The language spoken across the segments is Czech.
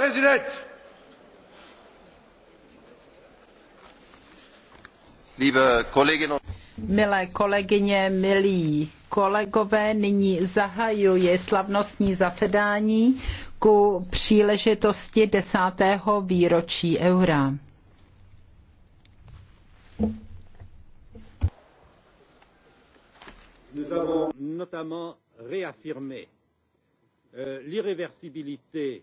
President. Milé kolegyně, milí kolegové, nyní zahajuji slavnostní zasedání ku příležitosti desátého výročí eura. Nous avons notamment réaffirmé euh, l'irréversibilité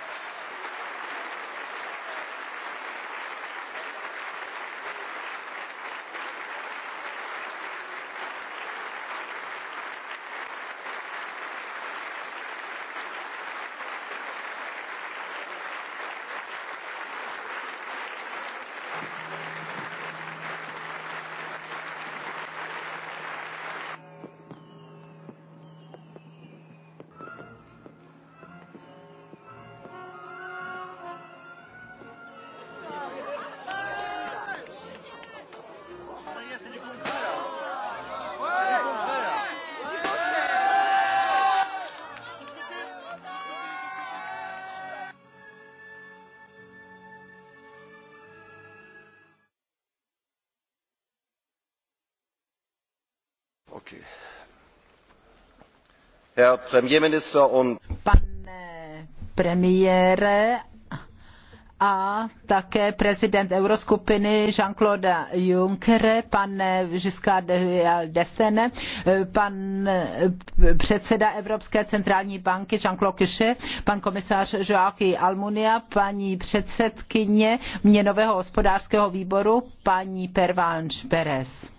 Pane premiére a také prezident euroskupiny Jean-Claude Juncker, pane Giscard d'Estaing, pan předseda Evropské centrální banky Jean-Claude Kiše, pan komisář Joachim Almunia, paní předsedkyně měnového hospodářského výboru, paní Pervanche Perez.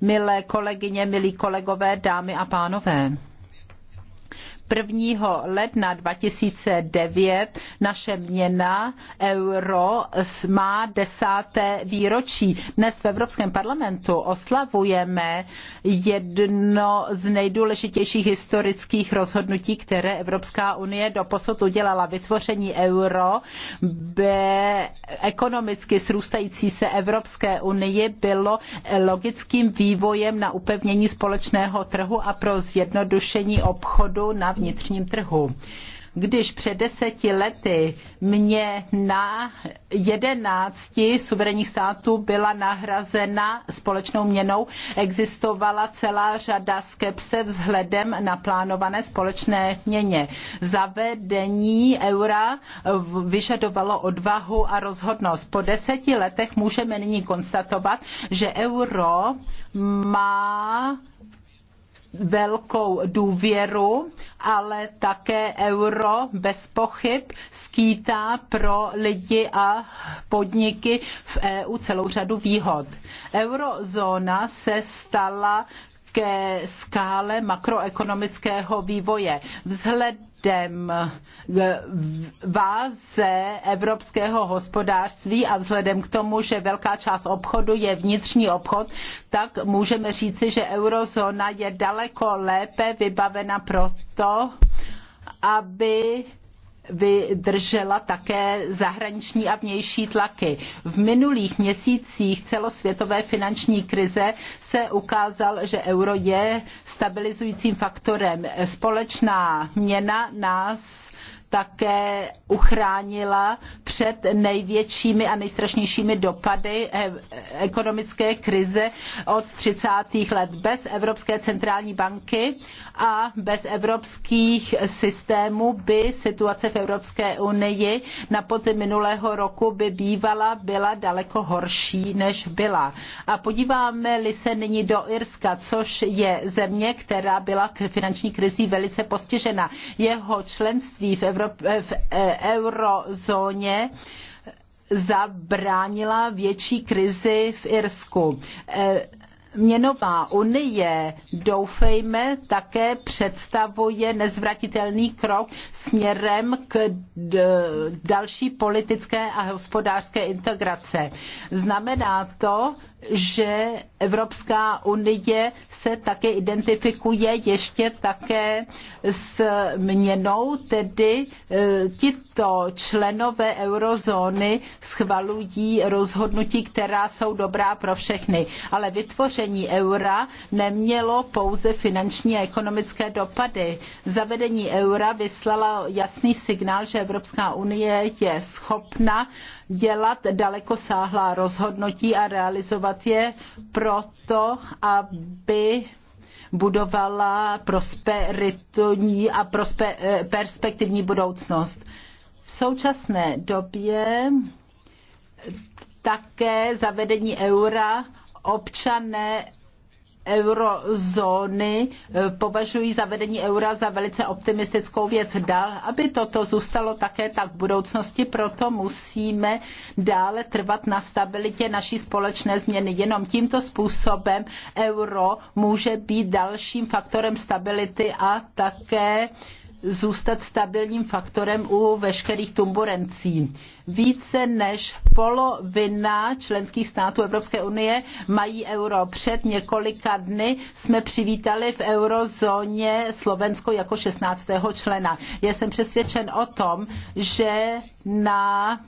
Milé kolegyně, milí kolegové, dámy a pánové. 1. ledna 2009 naše měna euro má desáté výročí. Dnes v Evropském parlamentu oslavujeme jedno z nejdůležitějších historických rozhodnutí, které Evropská unie doposud udělala. Vytvoření euro by ekonomicky srůstající se Evropské unie bylo logickým vývojem na upevnění společného trhu a pro zjednodušení obchodu na vnitřním trhu když před deseti lety mě na jedenácti suverénních států byla nahrazena společnou měnou, existovala celá řada skepse vzhledem na plánované společné měně. Zavedení eura vyžadovalo odvahu a rozhodnost. Po deseti letech můžeme nyní konstatovat, že euro má velkou důvěru, ale také euro bez pochyb skýtá pro lidi a podniky v EU celou řadu výhod. Eurozóna se stala ke skále makroekonomického vývoje. Vzhled k eh, váze evropského hospodářství a vzhledem k tomu, že velká část obchodu je vnitřní obchod, tak můžeme říci, že eurozóna je daleko lépe vybavena proto, aby vydržela také zahraniční a vnější tlaky. V minulých měsících celosvětové finanční krize se ukázal, že euro je stabilizujícím faktorem. Společná měna nás také uchránila před největšími a nejstrašnějšími dopady e, ekonomické krize od 30. let. Bez Evropské centrální banky a bez evropských systémů by situace v Evropské unii na podzim minulého roku by bývala byla daleko horší, než byla. A podíváme-li se nyní do Irska, což je země, která byla finanční krizí velice postižena. Jeho členství v Evropské Evrop- v e, eurozóně zabránila větší krizi v Irsku. E, měnová unie, doufejme, také představuje nezvratitelný krok směrem k další politické a hospodářské integrace. Znamená to, že Evropská unie se také identifikuje ještě také s měnou, tedy eh, tito členové eurozóny schvalují rozhodnutí, která jsou dobrá pro všechny. Ale vytvoření eura nemělo pouze finanční a ekonomické dopady. Zavedení eura vyslala jasný signál, že Evropská unie je schopna dělat dalekosáhlá rozhodnutí a realizovat je proto, aby budovala prosperitní a prospe, eh, perspektivní budoucnost. V současné době také zavedení eura občané eurozóny eh, považují zavedení eura za velice optimistickou věc. Dál, aby toto zůstalo také tak v budoucnosti, proto musíme dále trvat na stabilitě naší společné změny. Jenom tímto způsobem euro může být dalším faktorem stability a také zůstat stabilním faktorem u veškerých tumburencí. Více než polovina členských států Evropské unie mají euro. Před několika dny jsme přivítali v eurozóně Slovensko jako 16. člena. Já jsem přesvědčen o tom, že na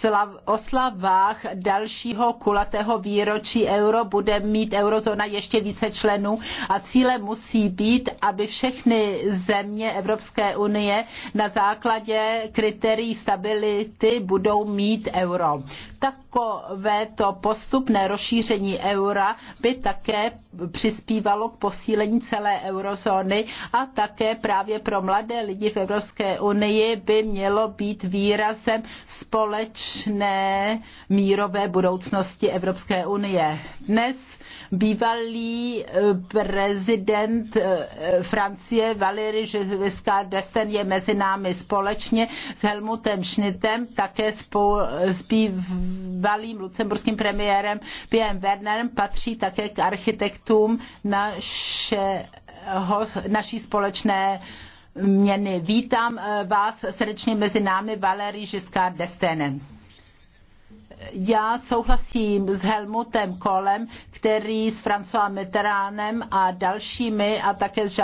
slav, oslavách dalšího kulatého výročí euro bude mít eurozóna ještě více členů a cíle musí být, aby všechny země Evropské unie na základě kritérií stability budou mít euro. Takovéto postupné rozšíření eura by také přispívalo k posílení celé eurozóny a také právě pro mladé lidi v Evropské unii by mělo být výrazem společné mírové budoucnosti Evropské unie. Dnes Bývalý eh, prezident eh, eh, Francie Valéry Giscard d'Estaing je mezi námi společně s Helmutem Schnitem, také s bývalým lucemburským premiérem Pierre Wernerem, patří také k architektům naše, naší společné měny. Vítám vás srdečně mezi námi, Valéry Giscard d'Estaing já souhlasím s Helmutem Kolem, který s François Mitterrandem a dalšími a také s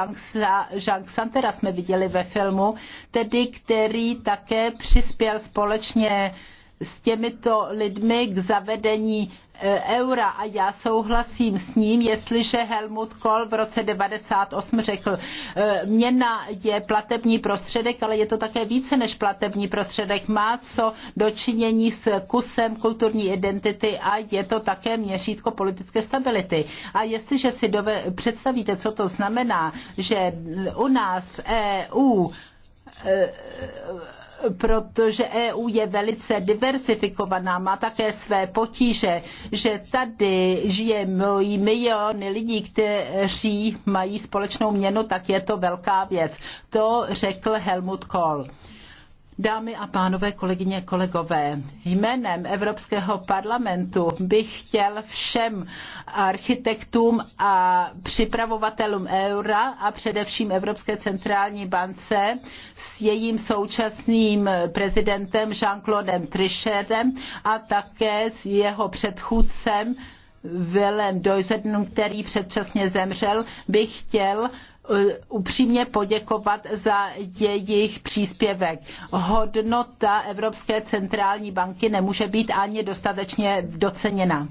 Jean Santera jsme viděli ve filmu, tedy který také přispěl společně s těmito lidmi k zavedení e, eura a já souhlasím s ním, jestliže Helmut Kohl v roce 98 řekl, e, měna je platební prostředek, ale je to také více než platební prostředek. Má co dočinění s kusem kulturní identity a je to také měřítko politické stability. A jestliže si dove, představíte, co to znamená, že u nás v EU e, protože EU je velice diversifikovaná, má také své potíže, že tady žije miliony lidí, kteří mají společnou měnu, tak je to velká věc. To řekl Helmut Kohl. Dámy a pánové, kolegyně, kolegové, jménem Evropského parlamentu bych chtěl všem architektům a připravovatelům eura a především Evropské centrální bance s jejím současným prezidentem Jean-Claudem Trichetem a také s jeho předchůdcem Willem Deusendem, který předčasně zemřel, bych chtěl Eh, upřímně poděkovat za jejich příspěvek. Hodnota Evropské centrální banky nemůže být ani dostatečně doceněna.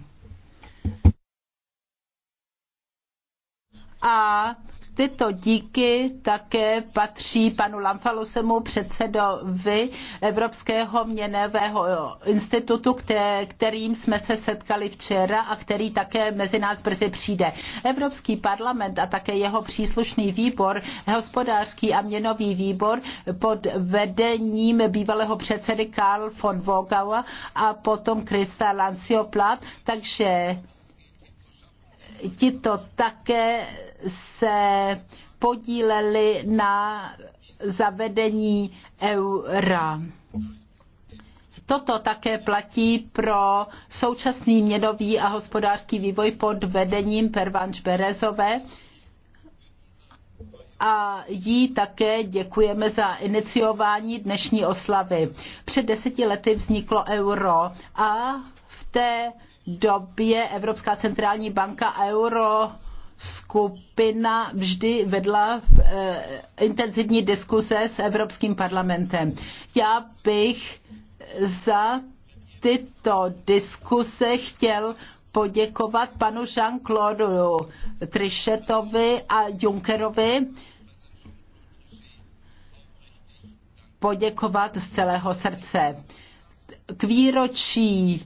A Tyto díky také patří panu Lamfalosemu, předsedovi Evropského měnového institutu, kterým jsme se setkali včera a který také mezi nás brzy přijde. Evropský parlament a také jeho příslušný výbor, hospodářský a měnový výbor pod vedením bývalého předsedy Karl von Vogaua a potom Krista Lanciopla, takže tito také se podíleli na zavedení eura. Toto také platí pro současný měnový a hospodářský vývoj pod vedením Pervanč Berezové a jí také děkujeme za iniciování dnešní oslavy. Před deseti lety vzniklo euro a v té době Evropská centrální banka euro skupina vždy vedla eh, intenzivní diskuse s Evropským parlamentem. Já bych za tyto diskuse chtěl poděkovat panu Jean-Claude Trichetovi a Junckerovi, poděkovat z celého srdce. K výročí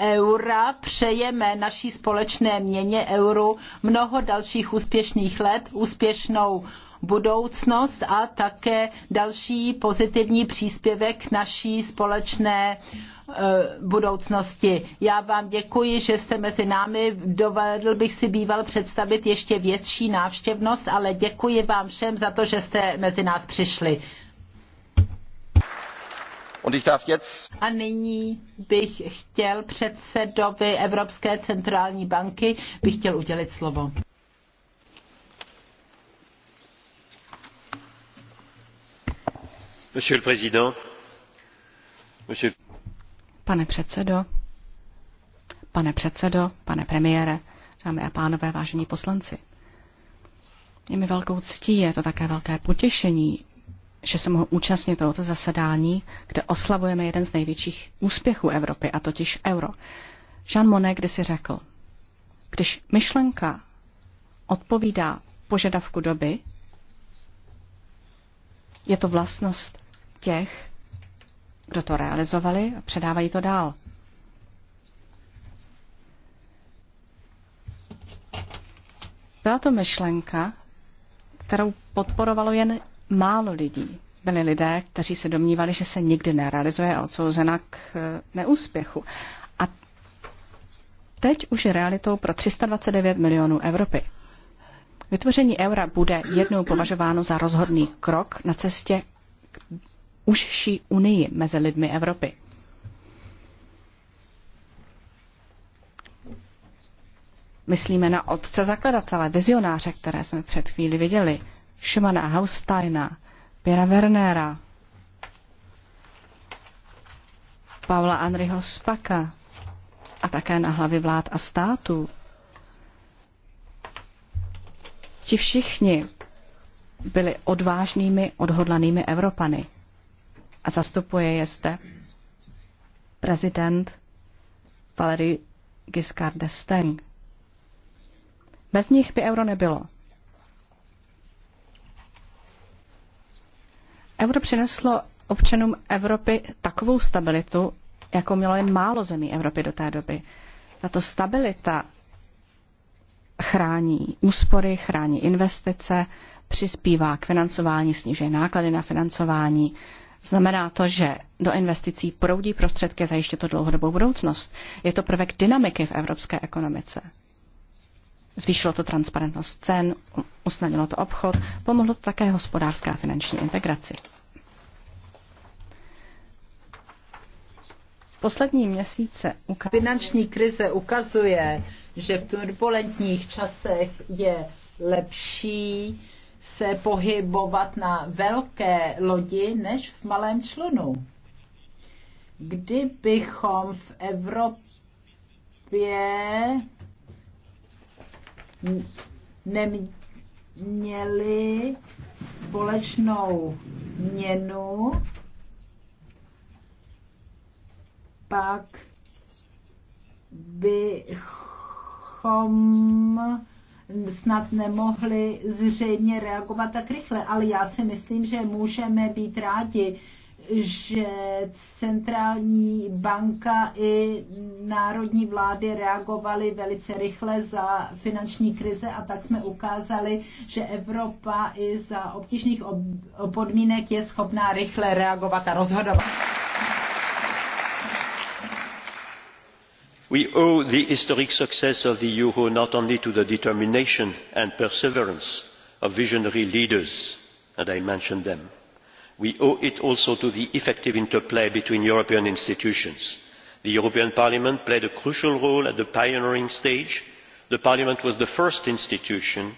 eura přejeme naší společné měně euru mnoho dalších úspěšných let, úspěšnou budoucnost a také další pozitivní příspěvek k naší společné eh, budoucnosti. Já vám děkuji, že jste mezi námi. Dovedl bych si býval představit ještě větší návštěvnost, ale děkuji vám všem za to, že jste mezi nás přišli. A nyní bych chtěl předsedovi Evropské centrální banky, bych chtěl udělit slovo. Pane předsedo, pane předsedo, pane premiére, dámy a pánové, vážení poslanci. Je mi velkou ctí, je to také velké potěšení, že se mohu účastnit tohoto zasedání, kde oslavujeme jeden z největších úspěchů Evropy, a totiž euro. Jean Monnet kdysi řekl, když myšlenka odpovídá požadavku doby, je to vlastnost těch, kdo to realizovali a předávají to dál. Byla to myšlenka, kterou podporovalo jen málo lidí. Byli lidé, kteří se domnívali, že se nikdy nerealizuje a odsouzena k eh, neúspěchu. A teď už je realitou pro 329 milionů Evropy. Vytvoření eura bude jednou považováno za rozhodný krok na cestě k užší unii mezi lidmi Evropy. Myslíme na otce zakladatele, vizionáře, které jsme před chvíli viděli, Šimana Haustajna, Pěra Wernera, Pavla Andriho Spaka a také na hlavy vlád a států. Ti všichni byli odvážnými, odhodlanými Evropany. A zastupuje je zde prezident Valery Giscard d'Estaing. Bez nich by euro nebylo. Euro přineslo občanům Evropy takovou stabilitu, jako mělo jen málo zemí Evropy do té doby. Tato stabilita chrání úspory, chrání investice, přispívá k financování, snižuje náklady na financování. Znamená to, že do investicí proudí prostředky zajiště to dlouhodobou budoucnost. Je to prvek dynamiky v evropské ekonomice. Zvýšilo to transparentnost cen, usnadnilo to obchod, pomohlo to také hospodářská a finanční integraci. Poslední měsíce ukazuje... Finanční krize ukazuje, že v turbulentních časech je lepší se pohybovat na velké lodi než v malém člunu. Kdybychom v Evropě neměli společnou měnu, pak bychom snad nemohli zřejmě reagovat tak rychle, ale já si myslím, že můžeme být rádi, že centrální banka i národní vlády reagovaly velice rychle za finanční krize a tak jsme ukázali, že Evropa i za obtížných podmínek je schopná rychle reagovat a rozhodovat. We owe the historic success of the euro not only to the determination and perseverance of visionary leaders, and I mentioned them we owe it also to the effective interplay between european institutions. the european parliament played a crucial role at the pioneering stage. the parliament was the first institution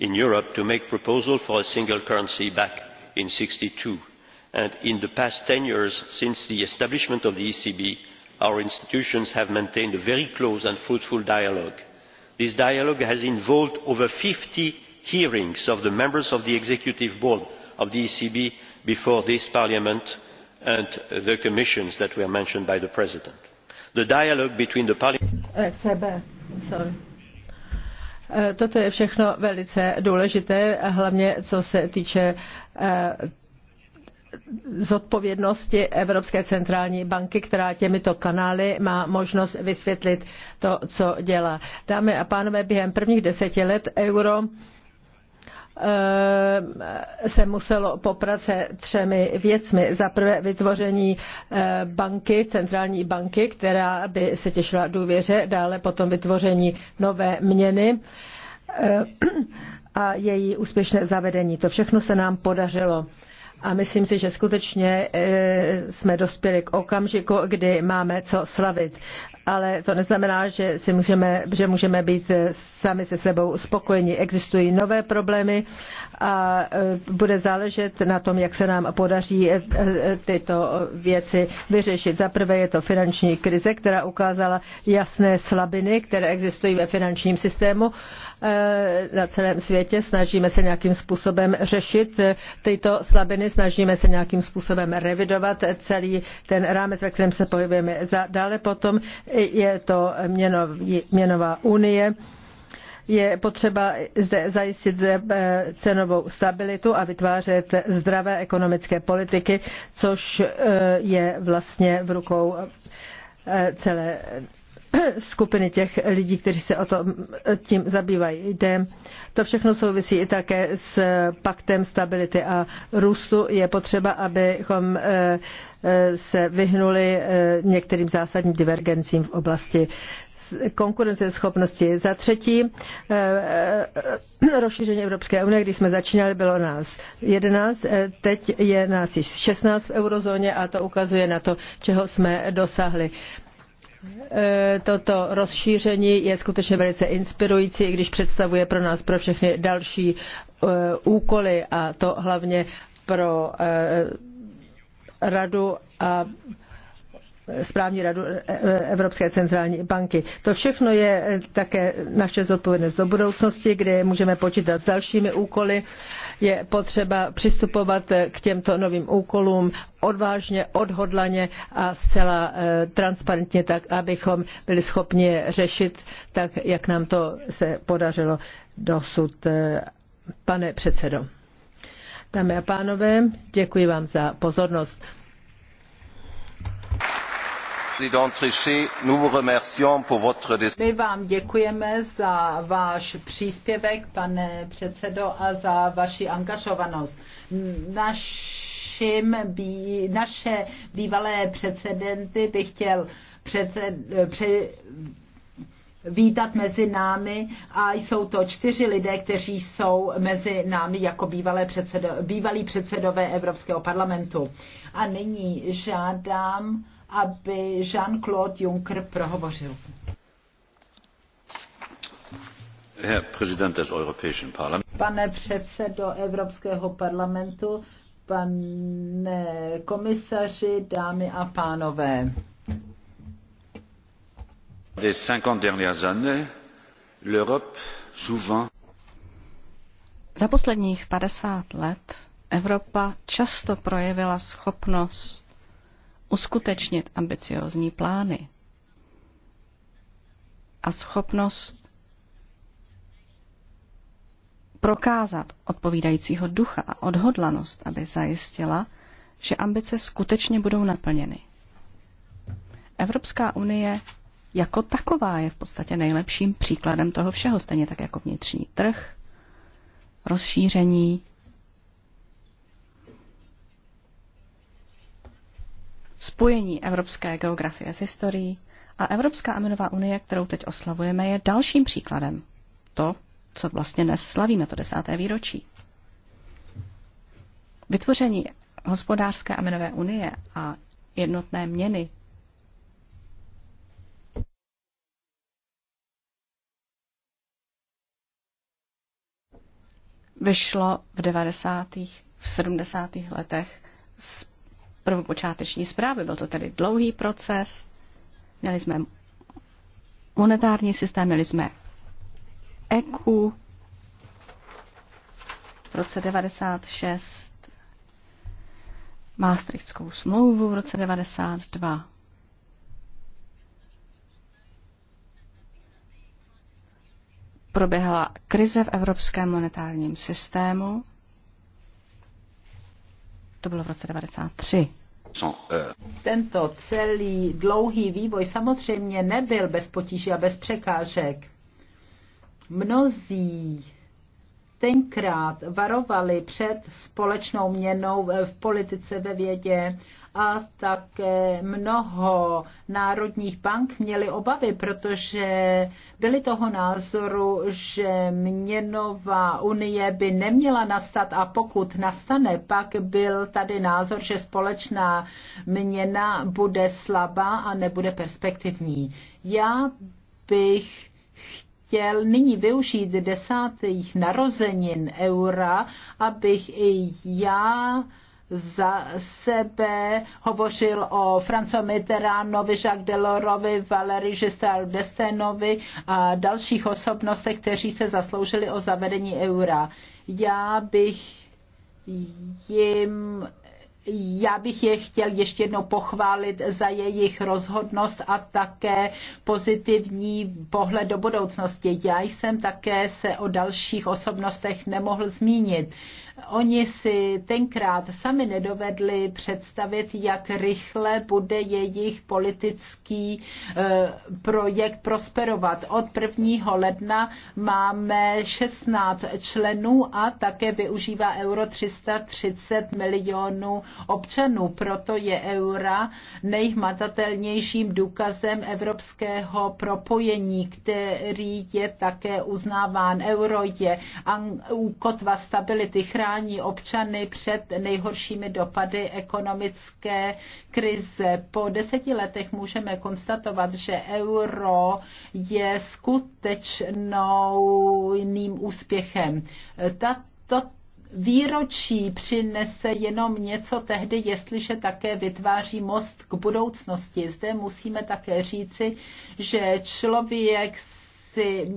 in europe to make a proposal for a single currency back in one thousand nine hundred and sixty two and in the past ten years since the establishment of the ecb our institutions have maintained a very close and fruitful dialogue. this dialogue has involved over fifty hearings of the members of the executive board of the ecb before this parliament and the commission that were mentioned by the president. the dialogue between the parliament e e, je všechno velice důležité, hlavně co se týče e, zodpovědnosti Evropské centrální banky, která těmito kanály má možnost vysvětlit to, co dělá. Dámy a pánové, během prvních deseti let euro Eh, se muselo poprat se třemi věcmi. Za prvé vytvoření eh, banky, centrální banky, která by se těšila důvěře, dále potom vytvoření nové měny eh, a její úspěšné zavedení. To všechno se nám podařilo. A myslím si, že skutečně eh, jsme dospěli k okamžiku, kdy máme co slavit. Ale to neznamená, že, si můžeme, že můžeme být eh, sami se sebou spokojeni. Existují nové problémy a eh, bude záležet na tom, jak se nám podaří tyto věci vyřešit. Za prvé je to finanční krize, která ukázala jasné slabiny, které existují ve finančním systému Eh, na celém světě. Snažíme se nějakým způsobem řešit eh, tyto slabiny, snažíme se nějakým způsobem revidovat eh, celý ten rámec, ve kterém se pohybujeme. Dále potom je to měnový, měnová unie je potřeba zde zajistit cenovou stabilitu a vytvářet zdravé ekonomické politiky, což je vlastně v rukou celé skupiny těch lidí, kteří se o to tím zabývají. Jde. To všechno souvisí i také s paktem stability a růstu. Je potřeba, abychom eh, eh, se vyhnuli eh, některým zásadním divergencím v oblasti konkurenceschopnosti. Za třetí, rozšíření Evropské unie, když jsme začínali, bylo nás 11, teď je nás již 16 v eurozóně a to ukazuje na to, čeho jsme dosáhli. Eh, toto rozšíření je skutečně velice inspirující, i když představuje pro nás pro všechny další eh, úkoly a to hlavně pro eh, radu a správní radu Evropské centrální banky. To všechno je také naše zodpovědnost do budoucnosti, kde můžeme počítat s dalšími úkoly je potřeba přistupovat k těmto novým úkolům odvážně, odhodlaně a zcela eh, transparentně tak, abychom byli schopni je řešit tak, jak nám to se podařilo dosud. Eh, pane předsedo. Dámy a pánové, děkuji vám za pozornost. My vám děkujeme za váš příspěvek, pane předsedo, a za vaši angažovanost. Našim, bý, naše bývalé precedenty bych chtěl předsed, pře, vítat mezi námi a jsou to čtyři lidé, kteří jsou mezi námi jako bývalé předsedo, bývalí předsedové Evropského parlamentu. A nyní žádám aby Jean-Claude Juncker prohovořil. Pane předsedo Evropského parlamentu, pane komisaři, dámy a pánové. Des 50 dernières années, l'Europe souvent za posledních 50 let Evropa často projevila schopnost uskutečnit ambiciozní plány a schopnost prokázat odpovídajícího ducha a odhodlanost, aby zajistila, že ambice skutečně budou naplněny. Evropská unie jako taková je v podstatě nejlepším příkladem toho všeho, stejně tak jako vnitřní trh, rozšíření Spojení evropské geografie s historií a Evropská amenová unie, kterou teď oslavujeme, je dalším příkladem. To, co vlastně dnes slavíme, to desáté výročí. Vytvoření hospodářské aminové unie a jednotné měny vyšlo v 90. v 70. letech z prvopočáteční zprávy. Byl to tedy dlouhý proces. Měli jsme monetární systém, měli jsme EQ. V roce 96 Maastrichtskou smlouvu v roce 92. Proběhla krize v evropském monetárním systému to bylo v roce 93. Tento celý dlouhý vývoj samozřejmě nebyl bez potíží a bez překážek. Mnozí tenkrát varovali před společnou měnou v politice ve vědě a také mnoho národních bank měli obavy, protože byli toho názoru, že měnová unie by neměla nastat a pokud nastane, pak byl tady názor, že společná měna bude slabá a nebude perspektivní. Já bych chtěl chtěl nyní využít desátých narozenin eura, abych i já za sebe hovořil o Franco Mitterrandovi, Jacques Delorovi, Valery Gisard Destenovi a dalších osobnostech, kteří se zasloužili o zavedení eura. Já bych jim já bych je chtěl ještě jednou pochválit za jejich rozhodnost a také pozitivní pohled do budoucnosti. Já jsem také se o dalších osobnostech nemohl zmínit. Oni si tenkrát sami nedovedli představit, jak rychle bude jejich politický eh, projekt prosperovat. Od 1. ledna máme 16 členů a také využívá euro 330 milionů občanů. Proto je eura nejhmatatelnějším důkazem evropského propojení, který je také uznáván. Euro je kotva stability, chrání občany před nejhoršími dopady ekonomické krize. Po deseti letech můžeme konstatovat, že euro je skutečnou jiným úspěchem. Tato výročí přinese jenom něco tehdy, jestliže také vytváří most k budoucnosti. Zde musíme také říci, že člověk si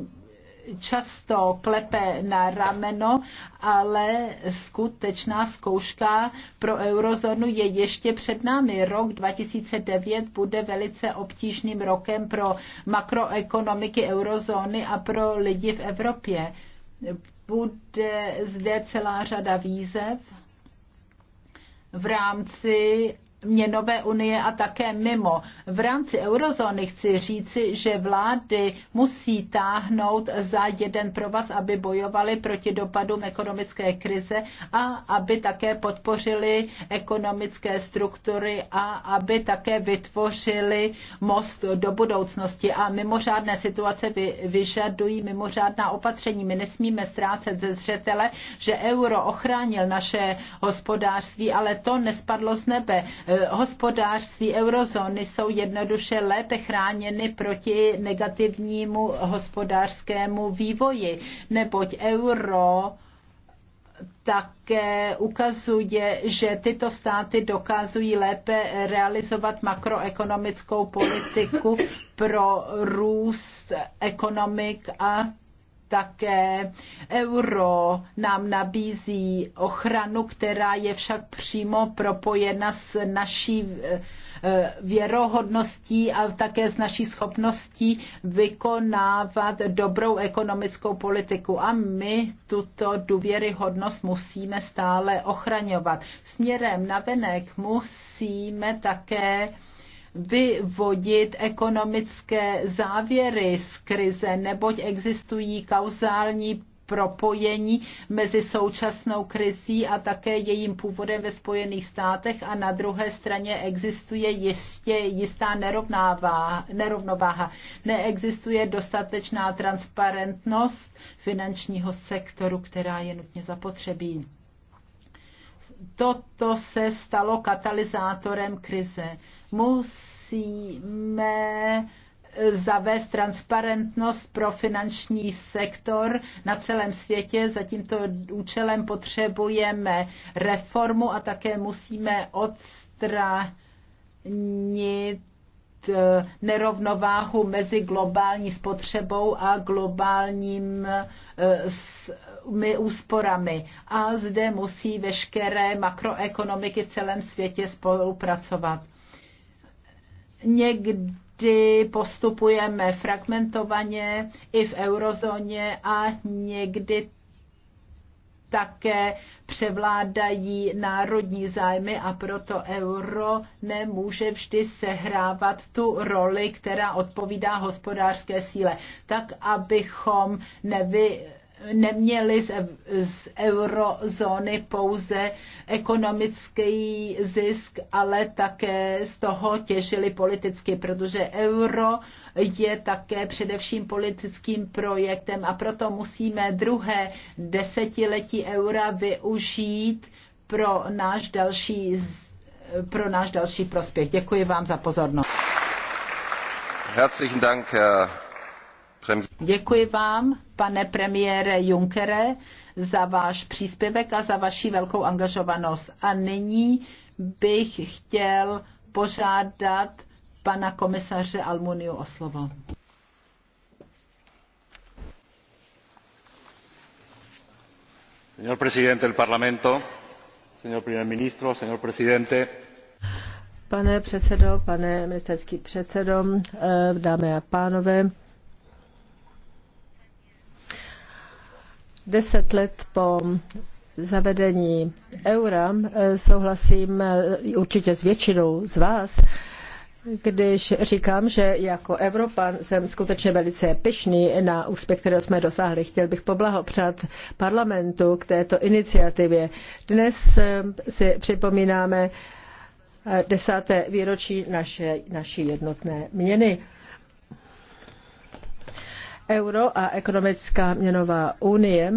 často klepe na rameno, ale skutečná zkouška pro eurozónu je ještě před námi. Rok 2009 bude velice obtížným rokem pro makroekonomiky eurozóny a pro lidi v Evropě bude zde celá řada výzev v rámci měnové unie a také mimo. V rámci eurozóny chci říci, že vlády musí táhnout za jeden provaz, aby bojovali proti dopadům ekonomické krize a aby také podpořili ekonomické struktury a aby také vytvořili most do budoucnosti. A mimořádné situace vyžadují mimořádná opatření. My nesmíme ztrácet ze zřetele, že euro ochránil naše hospodářství, ale to nespadlo z nebe hospodářství eurozóny jsou jednoduše lépe chráněny proti negativnímu hospodářskému vývoji, neboť euro také ukazuje, že tyto státy dokazují lépe realizovat makroekonomickou politiku pro růst ekonomik a také euro nám nabízí ochranu, která je však přímo propojena s naší eh, eh, věrohodností a také s naší schopností vykonávat dobrou ekonomickou politiku. A my tuto důvěryhodnost musíme stále ochraňovat. Směrem na venek musíme také vyvodit ekonomické závěry z krize, neboť existují kauzální propojení mezi současnou krizí a také jejím původem ve Spojených státech a na druhé straně existuje ještě jistá nerovnováha. Neexistuje dostatečná transparentnost finančního sektoru, která je nutně zapotřebí. Toto se stalo katalyzátorem krize Musíme eh, zavést transparentnost pro finanční sektor na celém světě. Za tímto účelem potřebujeme reformu a také musíme odstranit eh, nerovnováhu mezi globální spotřebou a globálními eh, úsporami. A zde musí veškeré makroekonomiky v celém světě spolupracovat. Někdy postupujeme fragmentovaně i v eurozóně a někdy také převládají národní zájmy a proto euro nemůže vždy sehrávat tu roli, která odpovídá hospodářské síle, tak abychom nevy neměli z, z eurozóny pouze ekonomický zisk, ale také z toho těžili politicky, protože euro je také především politickým projektem a proto musíme druhé desetiletí eura využít pro náš další, pro náš další prospěch. Děkuji vám za pozornost. Herzlichen Dank, Herr Děkuji vám, pane premiére Junckere, za váš příspěvek a za vaši velkou angažovanost. A nyní bych chtěl požádat pana komisaře Almuniu o slovo. Señor presidente del Parlamento, señor primer ministro, señor presidente. Pane předsedo, pane ministerský předsedo, eh, dámy a pánové, Deset let po zavedení eura eh, souhlasím eh, určitě s většinou z vás, když říkám, že jako Evropan jsem skutečně velice pyšný na úspěch, kterého jsme dosáhli. Chtěl bych poblahopřát parlamentu k této iniciativě. Dnes eh, si připomínáme desáté výročí naše, naší jednotné měny. Euro a ekonomická měnová unie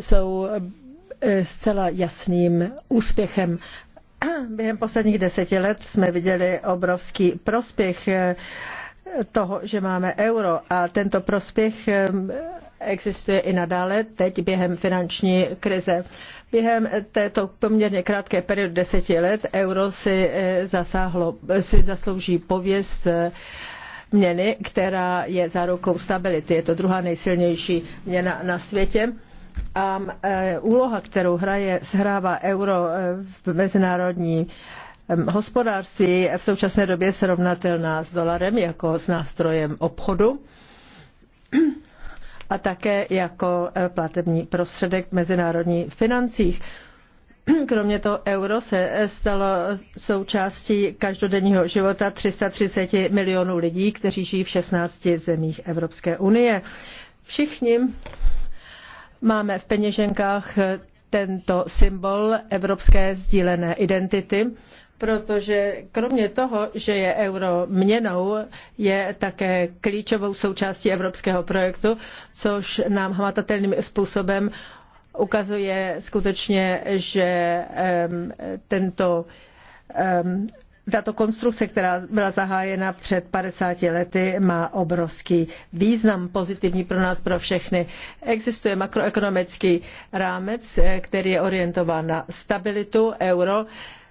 jsou eh, zcela jasným úspěchem. Během posledních deseti let jsme viděli obrovský prospěch eh, toho, že máme euro a tento prospěch eh, existuje i nadále teď během finanční krize. Během této poměrně krátké periody deseti let euro si, zasáhlo, si zaslouží pověst měny, která je zárukou stability. Je to druhá nejsilnější měna na světě. A eh, úloha, kterou hraje, sehrává euro eh, v mezinárodní eh, hospodářství, v současné době srovnatelná s dolarem jako s nástrojem obchodu a také jako platební prostředek v mezinárodních financích. Kromě toho euro se stalo součástí každodenního života 330 milionů lidí, kteří žijí v 16 zemích Evropské unie. Všichni máme v peněženkách tento symbol evropské sdílené identity, protože kromě toho, že je euro měnou, je také klíčovou součástí evropského projektu, což nám hmatatelným způsobem ukazuje skutečně, že tento tato konstrukce, která byla zahájena před 50 lety, má obrovský význam pozitivní pro nás, pro všechny. Existuje makroekonomický rámec, který je orientován na stabilitu euro.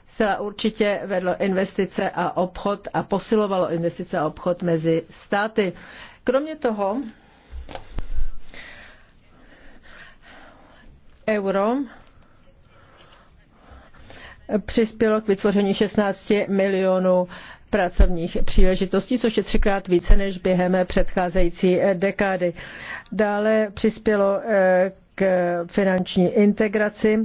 Zcela určitě vedlo investice a obchod a posilovalo investice a obchod mezi státy. Kromě toho euro přispělo k vytvoření 16 milionů pracovních příležitostí, což je třikrát více než během předcházející dekády. Dále přispělo eh, k finanční integraci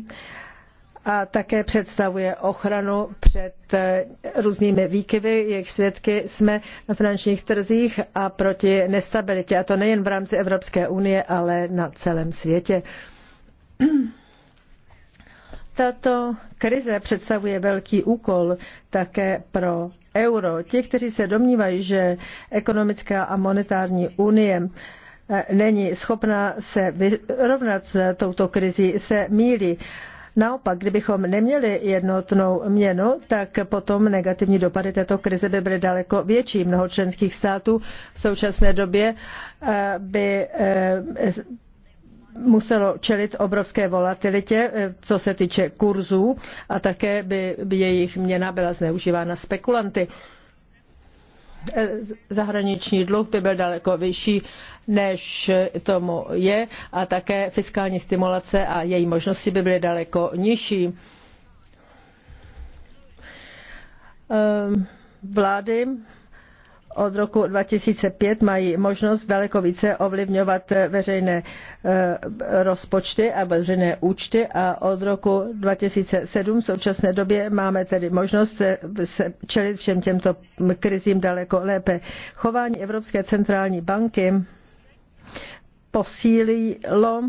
a také představuje ochranu před eh, různými výkyvy, jejich svědky jsme na finančních trzích a proti nestabilitě, a to nejen v rámci Evropské unie, ale na celém světě. Tato krize představuje velký úkol také pro euro. Ti, kteří se domnívají, že ekonomická a monetární unie eh, není schopna se vyrovnat s touto krizí, se mílí. Naopak, kdybychom neměli jednotnou měnu, tak potom negativní dopady této krize by byly daleko větší. Mnoho členských států v současné době eh, by eh, muselo čelit obrovské volatilitě, eh, co se týče kurzů a také by jejich měna byla zneužívána spekulanty. Eh, zahraniční dluh by byl daleko vyšší, než tomu je a také fiskální stimulace a její možnosti by byly daleko nižší. Ehm, vlády od roku 2005 mají možnost daleko více ovlivňovat eh, veřejné eh, rozpočty a veřejné účty a od roku 2007 v současné době máme tedy možnost eh, se čelit všem těmto krizím daleko lépe. Chování Evropské centrální banky posílilo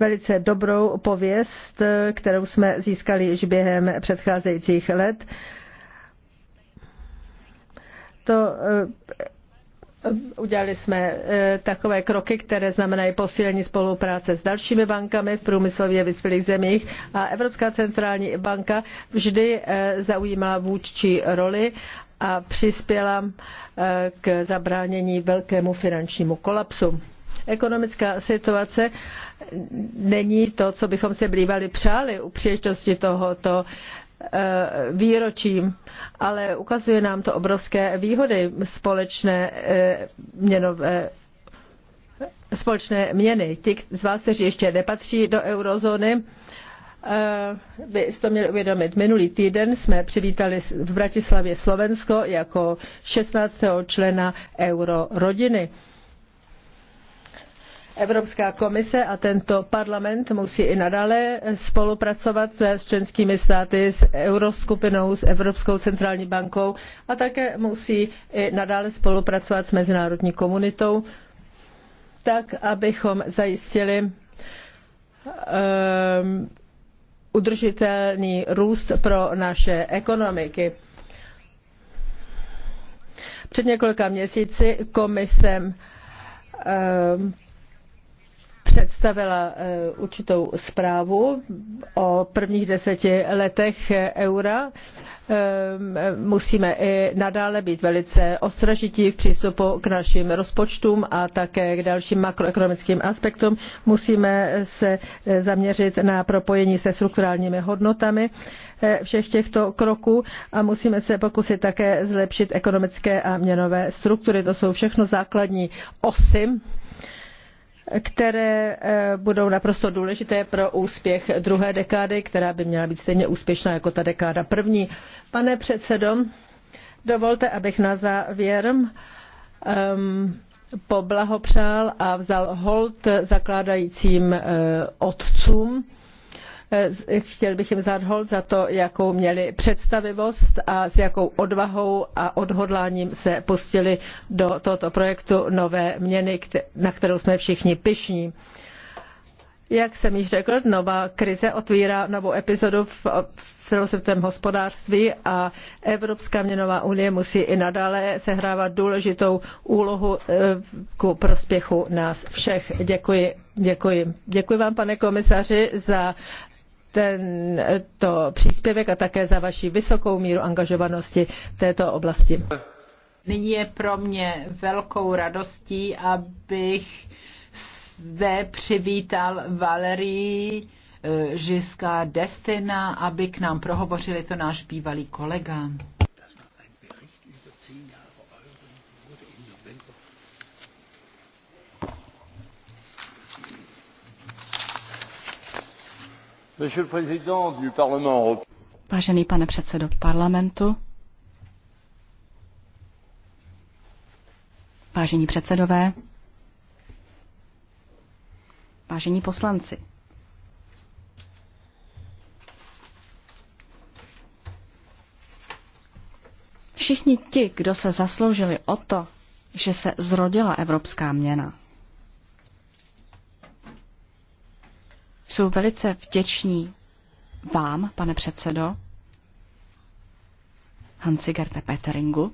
velice dobrou pověst, kterou jsme získali již během předcházejících let to eh, Udělali jsme eh, takové kroky, které znamenají posílení spolupráce s dalšími bankami v průmyslově vyspělých zemích a Evropská centrální banka vždy eh, zaujímala vůdčí roli a přispěla k zabránění velkému finančnímu kolapsu. Ekonomická situace není to, co bychom se blívali přáli u příležitosti tohoto Eh, výročím, ale ukazuje nám to obrovské výhody společné eh, měnové společné měny. Ti z vás, kteří ještě nepatří do eurozóny, eh, by si to měli uvědomit. Minulý týden jsme přivítali v Bratislavě Slovensko jako 16. člena eurorodiny. Evropská komise a tento parlament musí i nadále spolupracovat s členskými státy, s Euroskupinou, s Evropskou centrální bankou a také musí i nadále spolupracovat s mezinárodní komunitou, tak abychom zajistili um, udržitelný růst pro naše ekonomiky. Před několika měsíci komisem ehm, um, představila eh, určitou zprávu o prvních deseti letech eura. Ehm, musíme i nadále být velice ostražití v přístupu k našim rozpočtům a také k dalším makroekonomickým aspektům. Musíme se eh, zaměřit na propojení se strukturálními hodnotami eh, všech těchto kroků a musíme se pokusit také zlepšit ekonomické a měnové struktury. To jsou všechno základní osy které eh, budou naprosto důležité pro úspěch druhé dekády, která by měla být stejně úspěšná jako ta dekáda první. Pane předsedo, dovolte, abych na závěr um, poblahopřál a vzal hold zakládajícím eh, otcům Eh, chtěl bych jim vzdát hold za to, jakou měli představivost a s jakou odvahou a odhodláním se pustili do tohoto projektu nové měny, na kterou jsme všichni pyšní. Jak jsem již řekl, nová krize otvírá novou epizodu v, celosvětovém hospodářství a Evropská měnová unie musí i nadále sehrávat důležitou úlohu eh, ku prospěchu nás všech. Děkuji, děkuji. Děkuji vám, pane komisaři, za tento příspěvek a také za vaši vysokou míru angažovanosti v této oblasti. Nyní je pro mě velkou radostí, abych zde přivítal Valerii eh, Žiská Destina, aby k nám prohovořili to náš bývalý kolega. Vážený pane předsedo parlamentu, vážení předsedové, vážení poslanci, všichni ti, kdo se zasloužili o to, že se zrodila evropská měna, Jsou velice vděční vám, pane předsedo, Hansi Gerte Peteringu,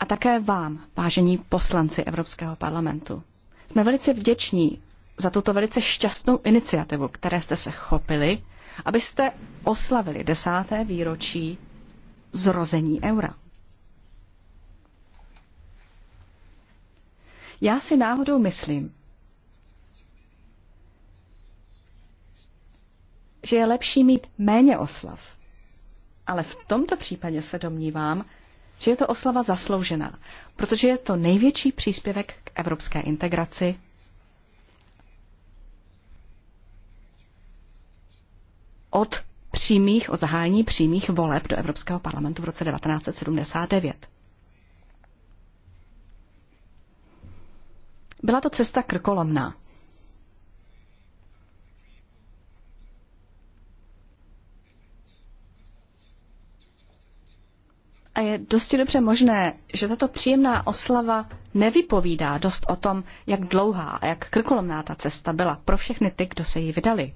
a také vám, vážení poslanci Evropského parlamentu. Jsme velice vděční za tuto velice šťastnou iniciativu, které jste se chopili, abyste oslavili desáté výročí zrození eura. Já si náhodou myslím, že je lepší mít méně oslav. Ale v tomto případě se domnívám, že je to oslava zasloužená, protože je to největší příspěvek k evropské integraci. Od přímých, od zahájení přímých voleb do Evropského parlamentu v roce 1979. Byla to cesta krkolomná. dosti dobře možné, že tato příjemná oslava nevypovídá dost o tom, jak dlouhá a jak krkolomná ta cesta byla pro všechny ty, kdo se jí vydali.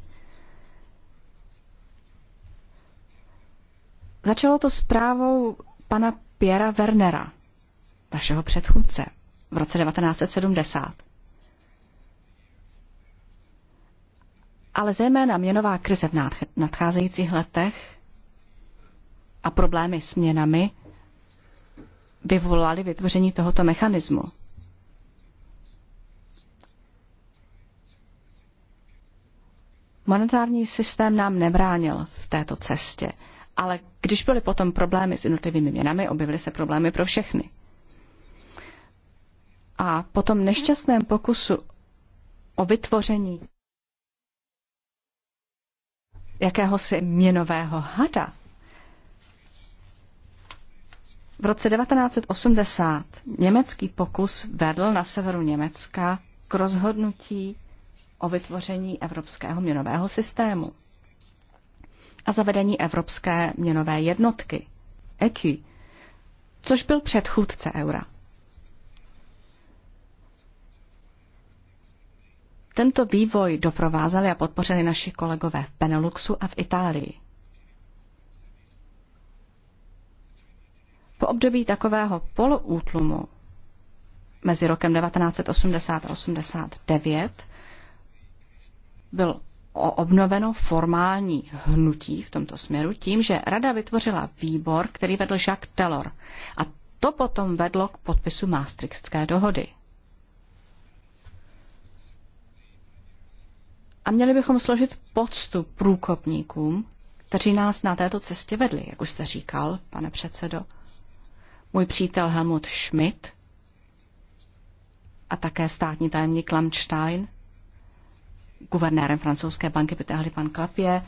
Začalo to zprávou pana Piera Wernera, vašeho předchůdce, v roce 1970. Ale zejména měnová krize v nadcházejících letech a problémy s měnami – vyvolali vytvoření tohoto mechanismu. Monetární systém nám nebránil v této cestě, ale když byly potom problémy s jednotlivými měnami, objevily se problémy pro všechny. A po tom nešťastném pokusu o vytvoření jakéhosi měnového hada, v roce 1980 německý pokus vedl na severu Německa k rozhodnutí o vytvoření evropského měnového systému a zavedení evropské měnové jednotky EQ, což byl předchůdce eura. Tento vývoj doprovázali a podpořili naši kolegové v Beneluxu a v Itálii. Po období takového poloútlumu mezi rokem 1980 a 89 byl obnoveno formální hnutí v tomto směru tím, že rada vytvořila výbor, který vedl Jacques Taylor, A to potom vedlo k podpisu Maastrichtské dohody. A měli bychom složit poctu průkopníkům, kteří nás na této cestě vedli, jak už jste říkal, pane předsedo můj přítel Helmut Schmidt a také státní tajemník Lamstein, guvernérem francouzské banky by tehdy pan Klapě,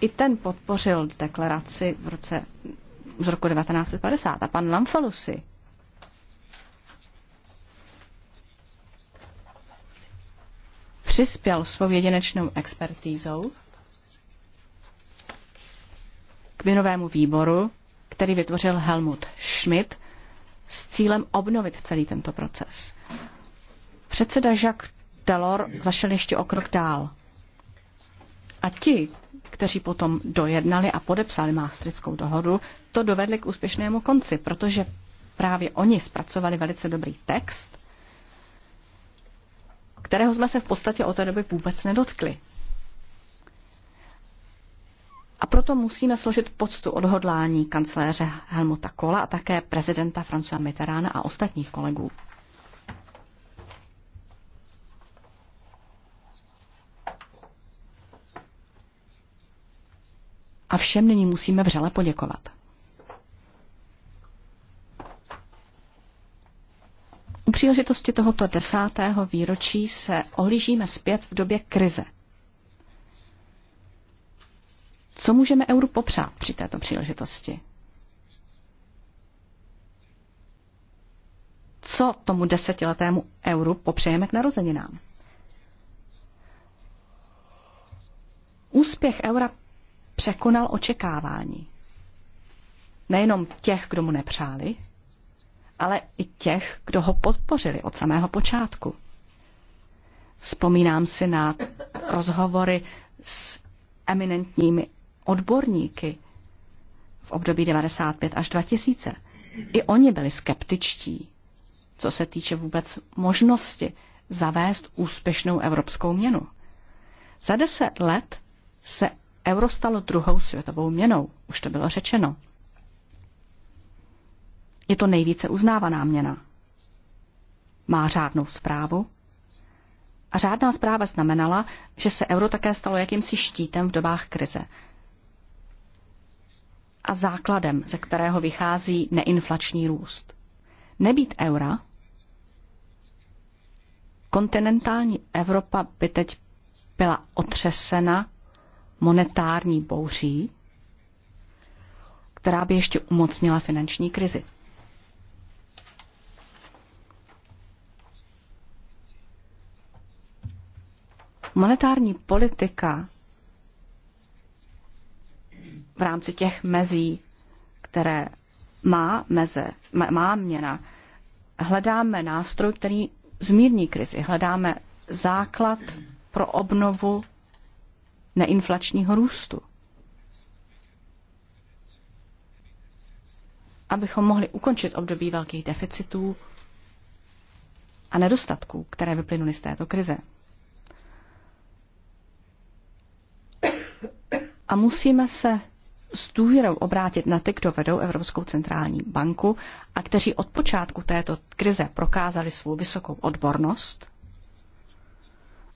i ten podpořil deklaraci v roce z roku 1950 a pan Lamfalusi přispěl svou jedinečnou expertízou k minovému výboru který vytvořil Helmut Schmidt s cílem obnovit celý tento proces. Předseda Jacques Delor zašel ještě o krok dál. A ti, kteří potom dojednali a podepsali Maastrichtskou dohodu, to dovedli k úspěšnému konci, protože právě oni zpracovali velice dobrý text, kterého jsme se v podstatě od té doby vůbec nedotkli. A proto musíme složit poctu odhodlání kancléře Helmuta Kola a také prezidenta Francua Mitterána a ostatních kolegů. A všem nyní musíme vřele poděkovat. U příležitosti tohoto desátého výročí se ohlížíme zpět v době krize. Co můžeme euru popřát při této příležitosti? Co tomu desetiletému euru popřejeme k narozeninám? Úspěch eura překonal očekávání. Nejenom těch, kdo mu nepřáli, ale i těch, kdo ho podpořili od samého počátku. Vzpomínám si na rozhovory s eminentními odborníky v období 95 až 2000. I oni byli skeptičtí, co se týče vůbec možnosti zavést úspěšnou evropskou měnu. Za deset let se euro stalo druhou světovou měnou, už to bylo řečeno. Je to nejvíce uznávaná měna. Má řádnou zprávu. A řádná zpráva znamenala, že se euro také stalo jakýmsi štítem v dobách krize a základem, ze kterého vychází neinflační růst. Nebýt eura, kontinentální Evropa by teď byla otřesena monetární bouří, která by ještě umocnila finanční krizi. Monetární politika v rámci těch mezí, které má meze, má měna, hledáme nástroj, který zmírní krizi. Hledáme základ pro obnovu neinflačního růstu. Abychom mohli ukončit období velkých deficitů a nedostatků, které vyplynuly z této krize. A musíme se s důvěrou obrátit na ty, kdo vedou Evropskou centrální banku a kteří od počátku této krize prokázali svou vysokou odbornost.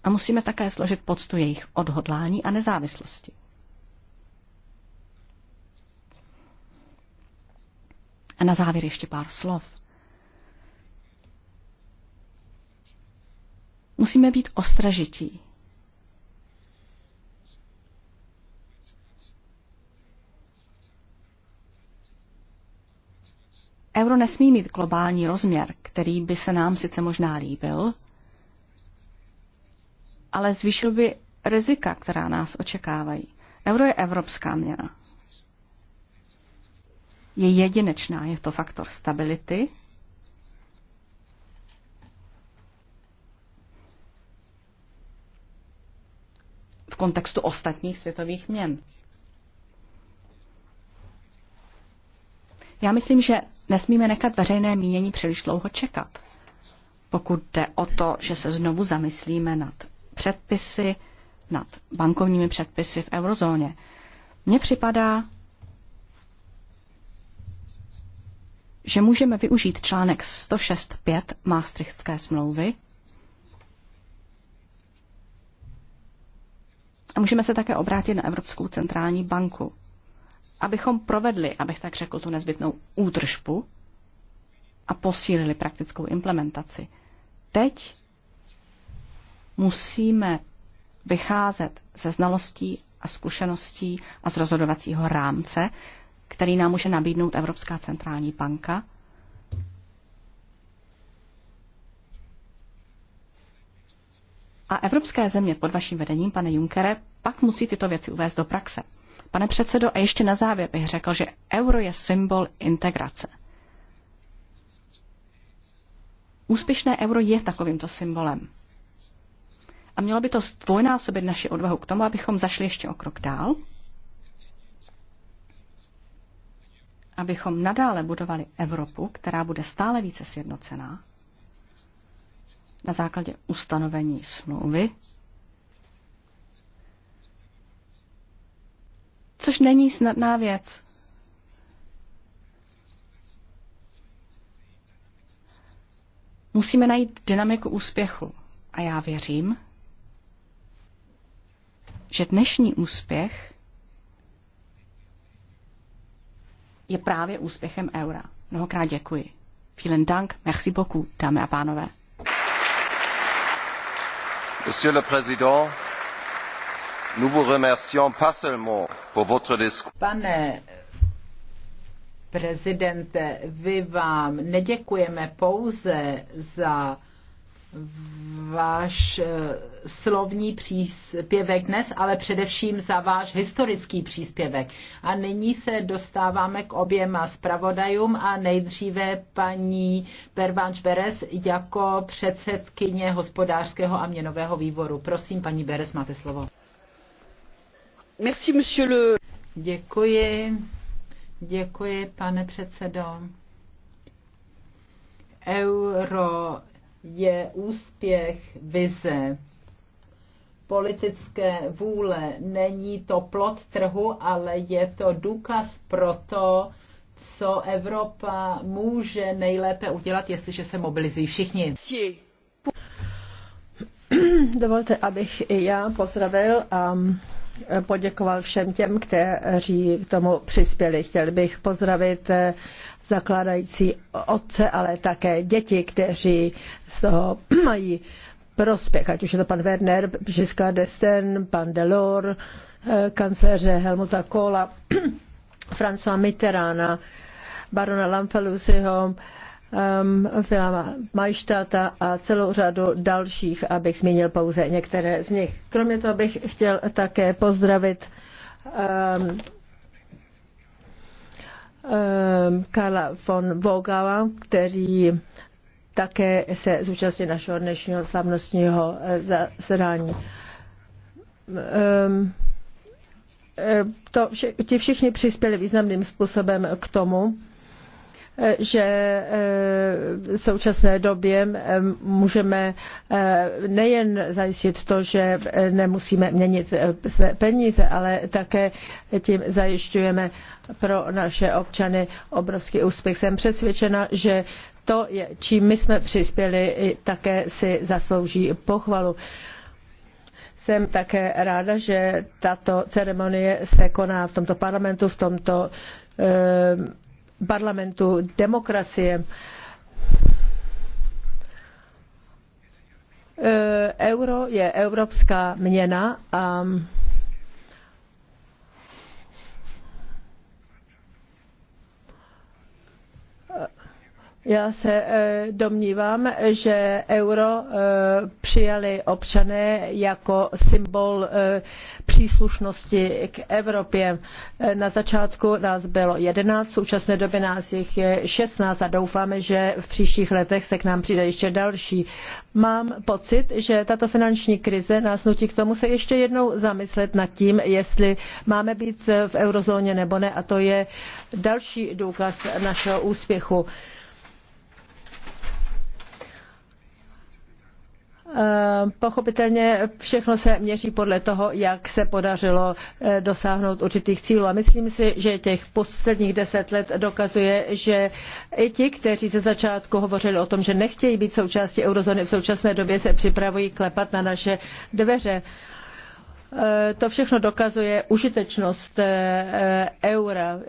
A musíme také složit poctu jejich odhodlání a nezávislosti. A na závěr ještě pár slov. Musíme být ostražití Euro nesmí mít globální rozměr, který by se nám sice možná líbil, ale zvýšil by rizika, která nás očekávají. Euro je evropská měna. Je jedinečná, je to faktor stability. V kontextu ostatních světových měn. Já myslím, že nesmíme nechat veřejné mínění příliš dlouho čekat, pokud jde o to, že se znovu zamyslíme nad předpisy, nad bankovními předpisy v eurozóně. Mně připadá, že můžeme využít článek 106.5 Maastrichtské smlouvy a můžeme se také obrátit na Evropskou centrální banku abychom provedli, abych tak řekl, tu nezbytnou útržbu a posílili praktickou implementaci. Teď musíme vycházet ze znalostí a zkušeností a z rozhodovacího rámce, který nám může nabídnout Evropská centrální banka. A evropské země pod vaším vedením, pane Junkere, pak musí tyto věci uvést do praxe. Pane předsedo, a ještě na závěr bych řekl, že euro je symbol integrace. Úspěšné euro je takovýmto symbolem. A mělo by to zdvojnásobit naši odvahu k tomu, abychom zašli ještě o krok dál, abychom nadále budovali Evropu, která bude stále více sjednocená na základě ustanovení smlouvy, což není snadná věc. Musíme najít dynamiku úspěchu. A já věřím, že dnešní úspěch je právě úspěchem eura. Mnohokrát děkuji. Vielen Dank, merci beaucoup, dámy a pánové. Monsieur le Président, Nous vous remercions pas seulement pour votre discours. Pane prezidente, vy vám neděkujeme pouze za váš eh, slovní příspěvek dnes, ale především za váš historický příspěvek. A nyní se dostáváme k oběma zpravodajům a nejdříve paní Pervanč Beres jako předsedkyně hospodářského a měnového výboru. Prosím, paní Beres, máte slovo. Merci, monsieur le... Děkuji. Děkuji, pane předsedo. Euro je úspěch vize politické vůle. Není to plot trhu, ale je to důkaz pro to, co Evropa může nejlépe udělat, jestliže se mobilizují všichni. Dovolte, abych i já pozdravil a um, poděkoval všem těm, kteří k tomu přispěli. Chtěl bych pozdravit eh, zakládající otce, ale také děti, kteří z toho mají prospěch, ať už je to pan Werner, Giscard d'Estaing, pan Delor, eh, kancléře Helmuta Kohla, François Mitterranda, barona Lamfalusiho, Filama um, Majštáta a celou řadu dalších, abych zmínil pouze některé z nich. Kromě toho bych chtěl také pozdravit um, um, Karla von Vogava, který také se zúčastnil našeho dnešního slavnostního eh, zasedání. Um, eh, to, vše, ti všichni přispěli významným způsobem k tomu, že eh, v současné době eh, můžeme eh, nejen zajistit to, že nemusíme měnit své peníze, ale také tím zajišťujeme pro naše občany obrovský úspěch. Jsem přesvědčena, že to, čím my jsme přispěli, také si zaslouží pochvalu. Jsem také ráda, že tato ceremonie se koná v tomto parlamentu, v tomto parlamentu demokracie. E, euro je evropská měna a Já se eh, domnívám, že euro eh, přijali občané jako symbol eh, příslušnosti k Evropě. Na začátku nás bylo 11, v současné době nás jich je 16 a doufáme, že v příštích letech se k nám přidá ještě další. Mám pocit, že tato finanční krize nás nutí k tomu se ještě jednou zamyslet nad tím, jestli máme být v eurozóně nebo ne a to je další důkaz našeho úspěchu. Eh, pochopitelně všechno se měří podle toho, jak se podařilo eh, dosáhnout určitých cílů. A myslím si, že těch posledních deset let dokazuje, že i ti, kteří ze začátku hovořili o tom, že nechtějí být součástí eurozóny, v současné době se připravují klepat na naše dveře. Eh, to všechno dokazuje užitečnost eura.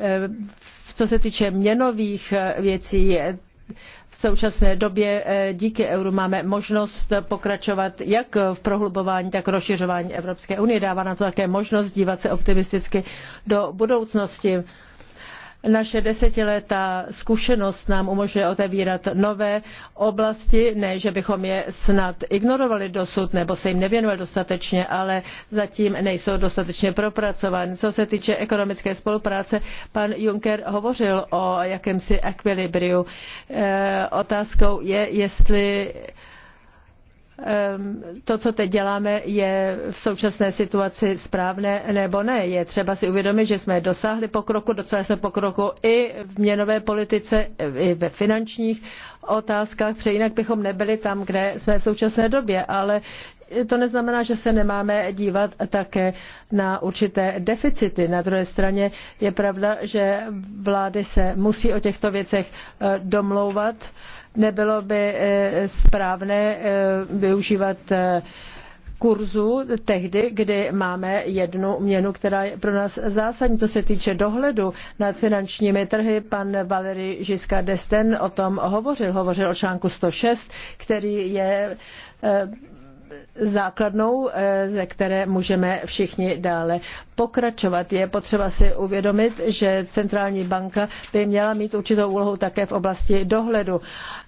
Co se týče měnových věcí, v současné době eh, díky euru máme možnost pokračovat jak v prohlubování, tak v rozšiřování Evropské unie. Dává nám to také možnost dívat se optimisticky do budoucnosti. Naše desetiletá zkušenost nám umožňuje otevírat nové oblasti, ne, že bychom je snad ignorovali dosud nebo se jim nevěnovali dostatečně, ale zatím nejsou dostatečně propracovány. Co se týče ekonomické spolupráce, pan Juncker hovořil o jakémsi ekvilibriu. Eh, otázkou je, jestli Ehm, to, co teď děláme, je v současné situaci správné nebo ne. Je třeba si uvědomit, že jsme dosáhli pokroku, docela jsme pokroku i v měnové politice, i ve finančních otázkách, protože jinak bychom nebyli tam, kde jsme v současné době, ale to neznamená, že se nemáme dívat také na určité deficity. Na druhé straně je pravda, že vlády se musí o těchto věcech eh, domlouvat. Nebylo by eh, správné eh, využívat eh, kurzu tehdy, kdy máme jednu měnu, která je pro nás zásadní, co se týče dohledu nad finančními trhy. Pan Valery Žiska Desten o tom hovořil. Hovořil o článku 106, který je základnou, eh, ze které můžeme všichni dále pokračovat. Je potřeba si uvědomit, že centrální banka by měla mít určitou úlohu také v oblasti dohledu.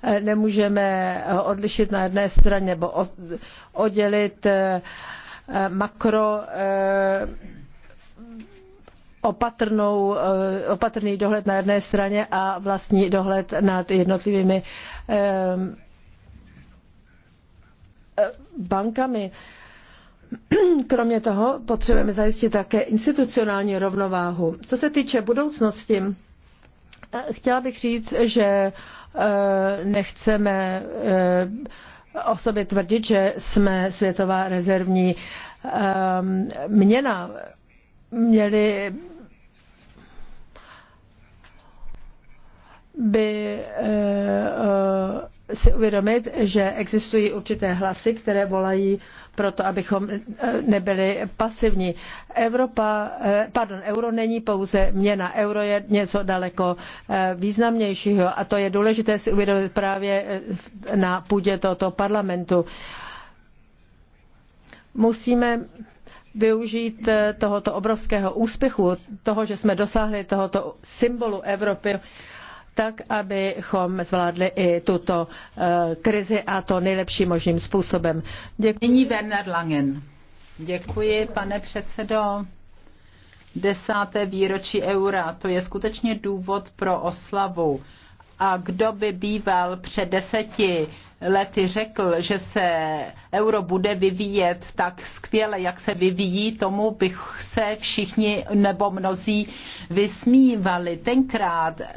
Eh, nemůžeme eh, odlišit na jedné straně nebo oddělit makro opatrnou, opatrný dohled na jedné straně a vlastní dohled nad jednotlivými Eh, bankami. Kromě toho potřebujeme zajistit také institucionální rovnováhu. Co se týče budoucnosti, eh, chtěla bych říct, že eh, nechceme o sobě tvrdit, že jsme světová rezervní měna. Měli by si uvědomit, že existují určité hlasy, které volají proto, abychom eh, nebyli pasivní. Evropa, eh, pardon, euro není pouze měna, euro je něco daleko eh, významnějšího a to je důležité si uvědomit právě na půdě tohoto parlamentu. Musíme využít tohoto obrovského úspěchu, toho, že jsme dosáhli tohoto symbolu Evropy, tak abychom zvládli i tuto eh, krizi a to nejlepším možným způsobem. Děkuji. Nyní Werner Langen. Děkuji, pane předsedo. Desáté výročí eura, to je skutečně důvod pro oslavu. A kdo by býval před deseti lety řekl, že se euro bude vyvíjet tak skvěle, jak se vyvíjí, tomu bych se všichni nebo mnozí vysmívali. Tenkrát e,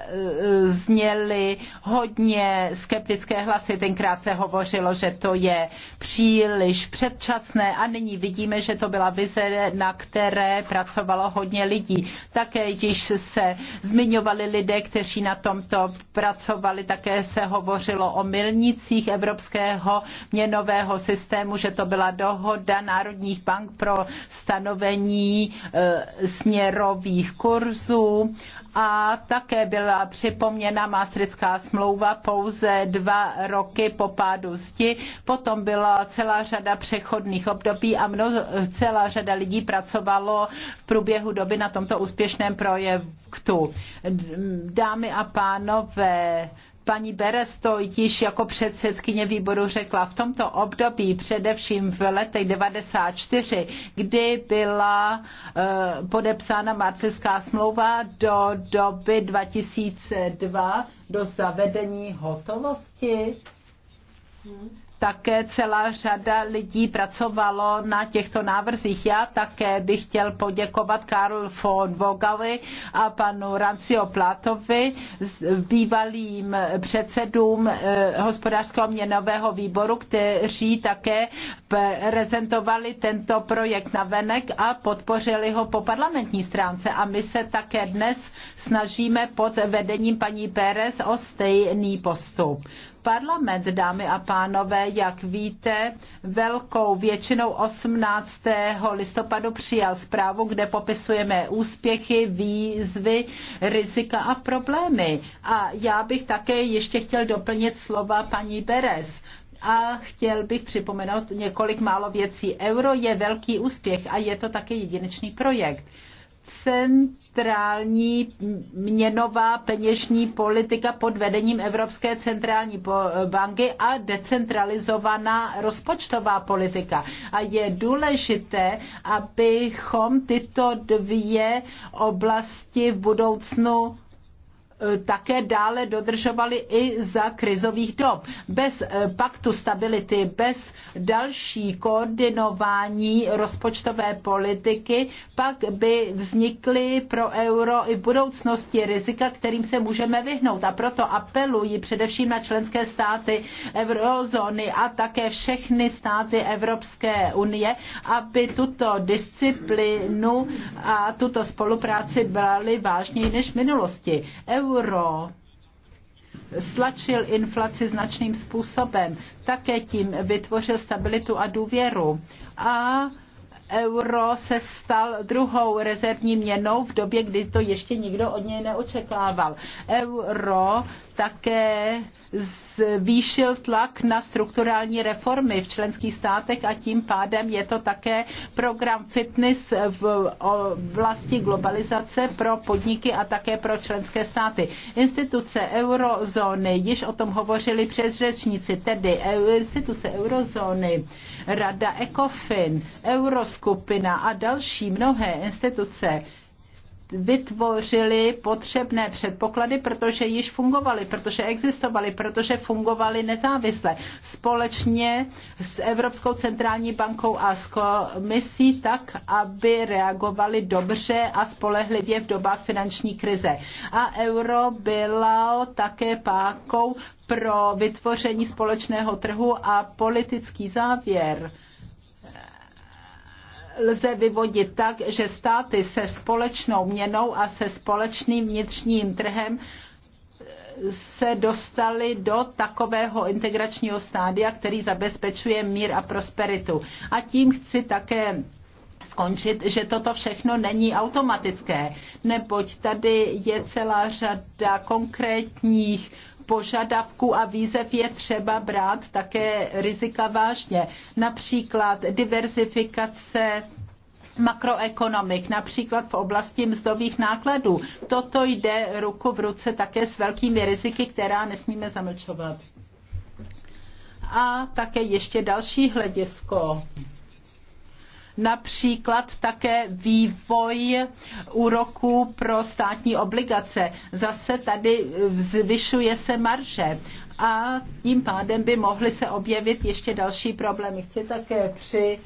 zněli hodně skeptické hlasy, tenkrát se hovořilo, že to je příliš předčasné a nyní vidíme, že to byla vize, na které pracovalo hodně lidí. Také když se zmiňovali lidé, kteří na tomto pracovali, také se hovořilo o milnicích evropského měnového systému systému, že to byla dohoda národních bank pro stanovení e, směrových kurzů a také byla připomněna Maastrichtská smlouva pouze dva roky po pádu zdi. Potom byla celá řada přechodných období a mno, celá řada lidí pracovalo v průběhu doby na tomto úspěšném projektu. Dámy a pánové, paní Beres to již jako předsedkyně výboru řekla. V tomto období, především v letech 94, kdy byla eh, podepsána marcelská smlouva do doby 2002, do zavedení hotovosti, také celá řada lidí pracovalo na těchto návrzích. Já také bych chtěl poděkovat Karl von Vogali a panu Rancio Plátovi, bývalým předsedům eh, hospodářského měnového výboru, kteří také prezentovali tento projekt na venek a podpořili ho po parlamentní stránce. A my se také dnes snažíme pod vedením paní Pérez o stejný postup. Parlament, dámy a pánové, jak víte, velkou většinou 18. listopadu přijal zprávu, kde popisujeme úspěchy, výzvy, rizika a problémy. A já bych také ještě chtěl doplnit slova paní Beres a chtěl bych připomenout několik málo věcí. Euro je velký úspěch a je to také jedinečný projekt centrální měnová peněžní politika pod vedením Evropské centrální banky a decentralizovaná rozpočtová politika. A je důležité, abychom tyto dvě oblasti v budoucnu Eh, také dále dodržovali i za krizových dob. Bez eh, paktu stability, bez další koordinování rozpočtové politiky, pak by vznikly pro euro i v budoucnosti rizika, kterým se můžeme vyhnout. A proto apeluji především na členské státy eurozóny a také všechny státy Evropské unie, aby tuto disciplínu a tuto spolupráci brali vážněji než v minulosti. Euro euro stlačil inflaci značným způsobem. Také tím vytvořil stabilitu a důvěru. A euro se stal druhou rezervní měnou v době, kdy to ještě nikdo od něj neočekával. Euro také z zvýšil tlak na strukturální reformy v členských státech a tím pádem je to také program fitness v oblasti globalizace pro podniky a také pro členské státy. Instituce eurozóny, již o tom hovořili řečníci, tedy instituce eurozóny, Rada ECOFIN, Euroskupina a další mnohé instituce vytvořili potřebné předpoklady, protože již fungovaly, protože existovaly, protože fungovaly nezávisle. Společně s Evropskou centrální bankou a s komisí tak, aby reagovali dobře a spolehlivě v dobách finanční krize. A euro bylo také pákou pro vytvoření společného trhu a politický závěr lze vyvodit tak, že státy se společnou měnou a se společným vnitřním trhem se dostali do takového integračního stádia, který zabezpečuje mír a prosperitu. A tím chci také skončit, že toto všechno není automatické, neboť tady je celá řada konkrétních požadavků a výzev je třeba brát také rizika vážně. Například diversifikace makroekonomik, například v oblasti mzdových nákladů. Toto jde ruku v ruce také s velkými riziky, která nesmíme zamlčovat. A také ještě další hledisko například také vývoj úroků pro státní obligace. Zase tady zvyšuje se marže a tím pádem by mohly se objevit ještě další problémy. Chci také při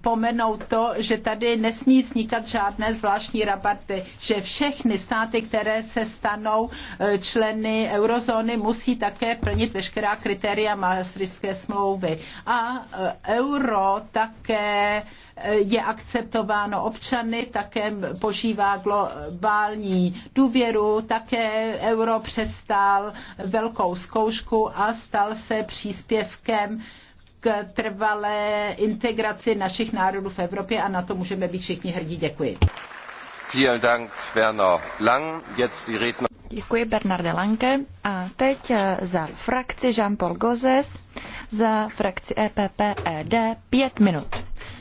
pomenout to, že tady nesmí vznikat žádné zvláštní rabaty, že všechny státy, které se stanou e, členy eurozóny, musí také plnit veškerá kritéria Maastrichtské smlouvy. A e, euro také e, je akceptováno občany, také požívá globální důvěru, také euro přestal velkou zkoušku a stal se příspěvkem k trvalé integraci našich národů v Evropě a na to můžeme být všichni hrdí. Děkuji. Děkuji Bernarde Lange. A teď eh, za frakci Jean-Paul Gozes, za frakci EPP ED pět minut.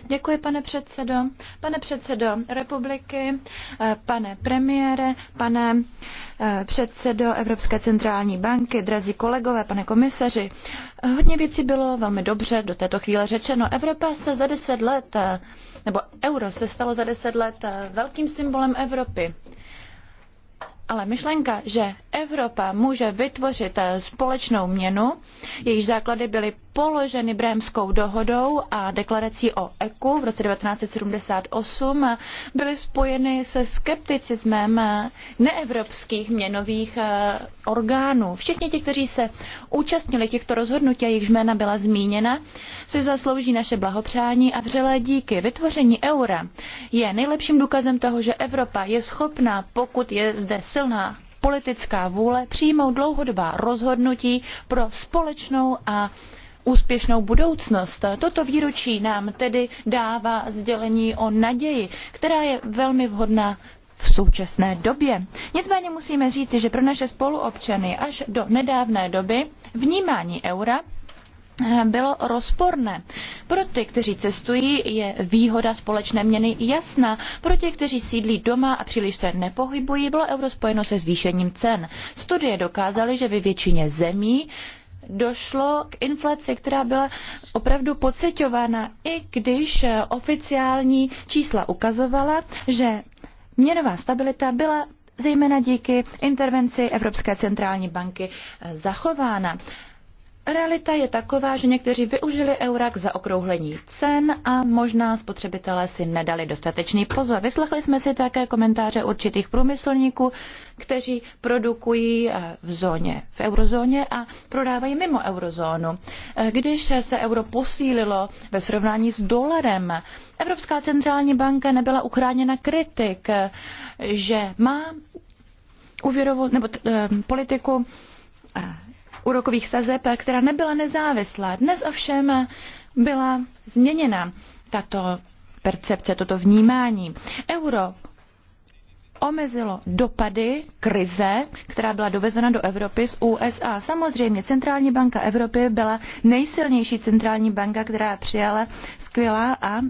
Děkuji, pane předsedo. Pane předsedo republiky, eh, pane premiére, pane eh, předsedo Evropské centrální banky, drazí kolegové, pane komisaři. Hodně věcí bylo velmi dobře do této chvíle řečeno. Evropa se za deset let, eh, nebo euro se stalo za deset let eh, velkým symbolem Evropy. Ale myšlenka, že Evropa může vytvořit eh, společnou měnu, jejíž základy byly položeny Brémskou dohodou a deklarací o EKU v roce 1978 byly spojeny se skepticismem neevropských měnových eh, orgánů. Všichni ti, kteří se účastnili těchto rozhodnutí a jejich jména byla zmíněna, si zaslouží naše blahopřání a vřelé díky. Vytvoření eura je nejlepším důkazem toho, že Evropa je schopná, pokud je zde silná politická vůle, přijmout dlouhodobá rozhodnutí pro společnou a úspěšnou budoucnost. Toto výročí nám tedy dává sdělení o naději, která je velmi vhodná v současné době. Nicméně musíme říci, že pro naše spoluobčany až do nedávné doby vnímání eura eh, bylo rozporné. Pro ty, kteří cestují, je výhoda společné měny jasná. Pro ty, kteří sídlí doma a příliš se nepohybují, bylo euro spojeno se zvýšením cen. Studie dokázaly, že ve většině zemí došlo k inflaci, která byla opravdu pocitována, i když eh, oficiální čísla ukazovala, že měnová stabilita byla zejména díky intervenci Evropské centrální banky eh, zachována. Realita je taková, že někteří využili eura k zaokrouhlení cen a možná spotřebitelé si nedali dostatečný pozor. Vyslechli jsme si také komentáře určitých průmyslníků, kteří produkují eh, v zóně, v eurozóně a prodávají mimo eurozónu. Eh, když se euro posílilo ve srovnání s dolarem, Evropská centrální banka nebyla uchráněna kritik, eh, že má úvěrovou nebo t, politiku úrokových sazeb, která nebyla nezávislá. Dnes ovšem byla změněna tato percepce, toto vnímání. Euro omezilo dopady krize, která byla dovezena do Evropy z USA. Samozřejmě Centrální banka Evropy byla nejsilnější centrální banka, která přijala skvělá a, a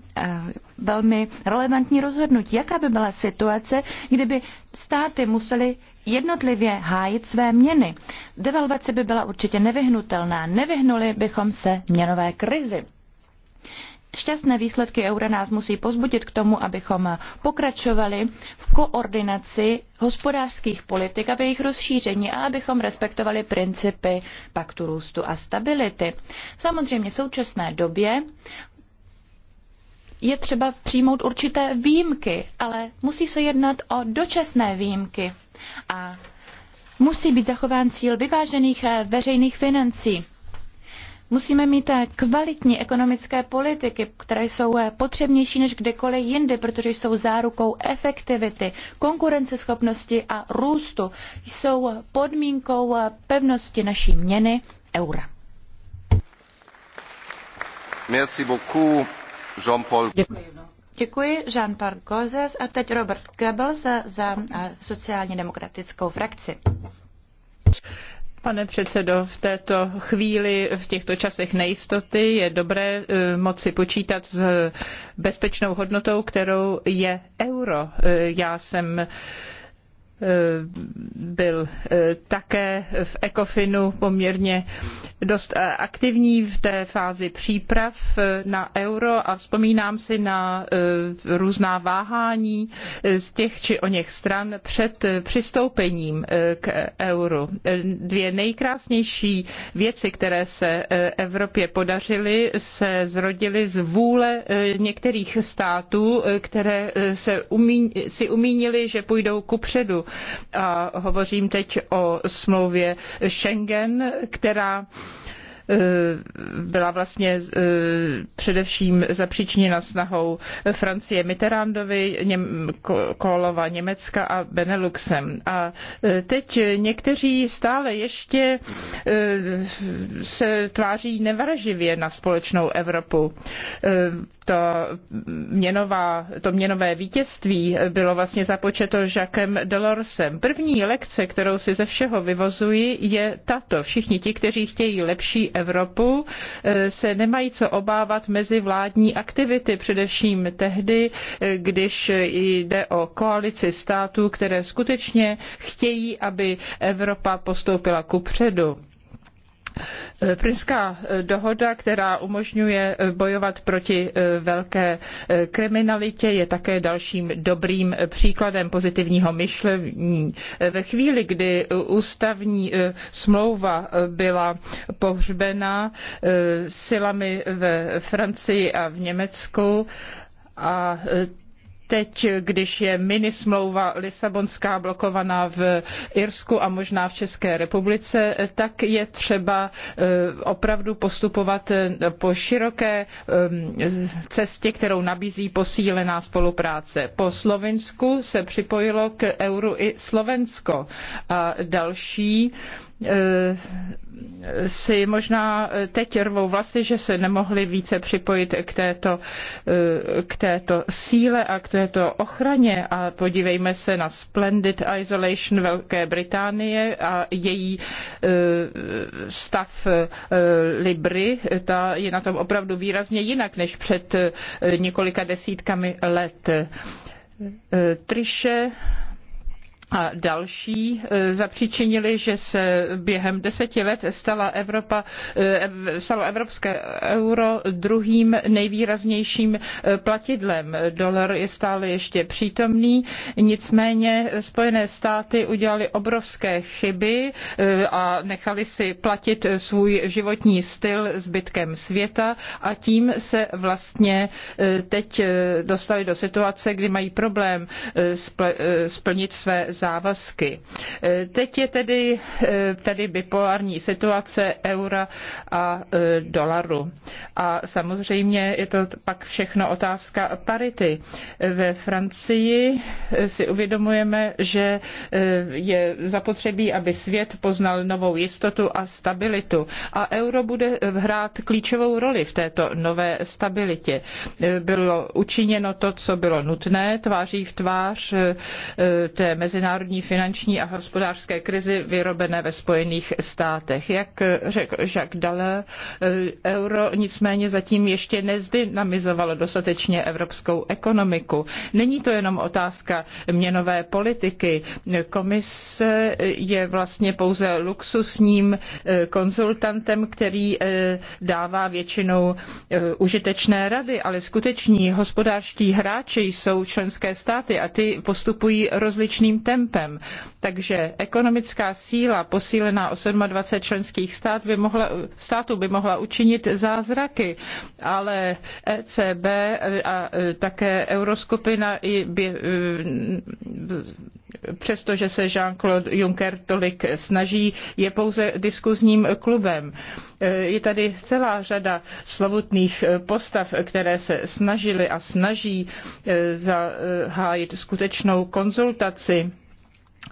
velmi relevantní rozhodnutí. Jaká by byla situace, kdyby státy musely jednotlivě hájit své měny. Devalvace by byla určitě nevyhnutelná. Nevyhnuli bychom se měnové krizi. Šťastné výsledky eura nás musí pozbudit k tomu, abychom pokračovali v koordinaci hospodářských politik a v jejich rozšíření a abychom respektovali principy paktu růstu a stability. Samozřejmě v současné době je třeba přijmout určité výjimky, ale musí se jednat o dočasné výjimky a musí být zachován cíl vyvážených eh, veřejných financí. Musíme mít eh, kvalitní ekonomické politiky, které jsou eh, potřebnější než kdekoliv jinde, protože jsou zárukou efektivity, konkurenceschopnosti a růstu. Jsou podmínkou pevnosti naší měny eura. Merci beaucoup, Jean-Paul. Děkuji. Děkuji, Jean-Paul Gozes a teď Robert Goebbels za sociálně demokratickou frakci. Pane předsedo, v této chvíli, v těchto časech nejistoty je dobré eh, moci počítat s bezpečnou hodnotou, kterou je euro. Eh, já jsem Eh, byl eh, také v ECOFINu poměrně dost eh, aktivní v té fázi příprav na euro a vzpomínám si na různá váhání z těch či o něch stran před přistoupením k euru. Dvě nejkrásnější věci, které se Evropě podařily, se zrodily z vůle některých států, které se umí, si umínili, že půjdou kupředu a hovořím teď o smlouvě Schengen, která Eh, byla vlastně eh, především zapříčněna snahou Francie Mitterrandovi, Něm- Kolova Německa a Beneluxem. A eh, teď někteří stále ještě se tváří nevraživě na společnou Evropu. To, měnová, to měnové vítězství bylo vlastně započeto Jacquem Delorsem. První lekce, kterou si ze všeho vyvozuji, je tato. Všichni ti, kteří chtějí lepší Evropu, eh, se nemají co obávat mezi vládní aktivity, především tehdy, eh, když jde o koalici států, které skutečně chtějí, aby Evropa postoupila kupředu Eh, Prinská eh, dohoda, která umožňuje eh, bojovat proti velké kriminalitě, je také dalším dobrým příkladem pozitivního myšlení. Ve chvíli, kdy ústavní smlouva byla pohřbena silami ve Francii a v Německu, a teď, když je minismlouva Lisabonská blokovaná v Irsku a možná v České republice, tak je třeba eh, opravdu postupovat eh, po široké eh, cestě, kterou nabízí posílená spolupráce. Po Slovinsku se připojilo k euru i Slovensko a další Eh, si možná eh, teď rvou vlasy, že se nemohli více připojit k této, eh, k této síle a k této ochraně. A podívejme se na Splendid Isolation Velké Británie a její stav Libry. Ta je na tom opravdu výrazně jinak než před několika desítkami let. Triše a další e, zapříčinili, že se během deseti let stala Evropa, e, stalo evropské euro druhým nejvýraznějším e, platidlem. Dolar je stále ještě přítomný, nicméně Spojené státy udělali obrovské chyby a nechali si platit svůj životní styl zbytkem světa a tím se vlastně teď dostali do situace, kdy mají problém splnit své závazky. Eh, teď je tedy eh, tady bipolární situace eura a eh, dolaru. A samozřejmě je to pak všechno otázka parity. Ve Francii si uvědomujeme, že je zapotřebí, aby svět poznal novou jistotu a stabilitu. A euro bude hrát klíčovou roli v této nové stabilitě. Bylo učiněno to, co bylo nutné, tváří v tvář té mezinárodní mezinárodní finanční a hospodářské krizi vyrobené ve Spojených státech. Jak řekl Jacques Dallaire, eh, euro nicméně zatím ještě nezdynamizovalo dostatečně evropskou ekonomiku. Není to jenom otázka měnové politiky. Komise je vlastně pouze luxusním eh, konzultantem, který eh, dává většinou užitečné rady, ale skuteční hospodářští hráči jsou členské státy a ty postupují rozličným tempem tempem. Takže ekonomická síla posílená o 27 členských států by mohla, států by mohla učinit zázraky, ale ECB a e, také Euroskupina i by, e, přestože se Jean-Claude Juncker tolik snaží, je pouze diskuzním klubem. E, je tady celá řada slovutných postav, které se snažily a snaží zahájit skutečnou konzultaci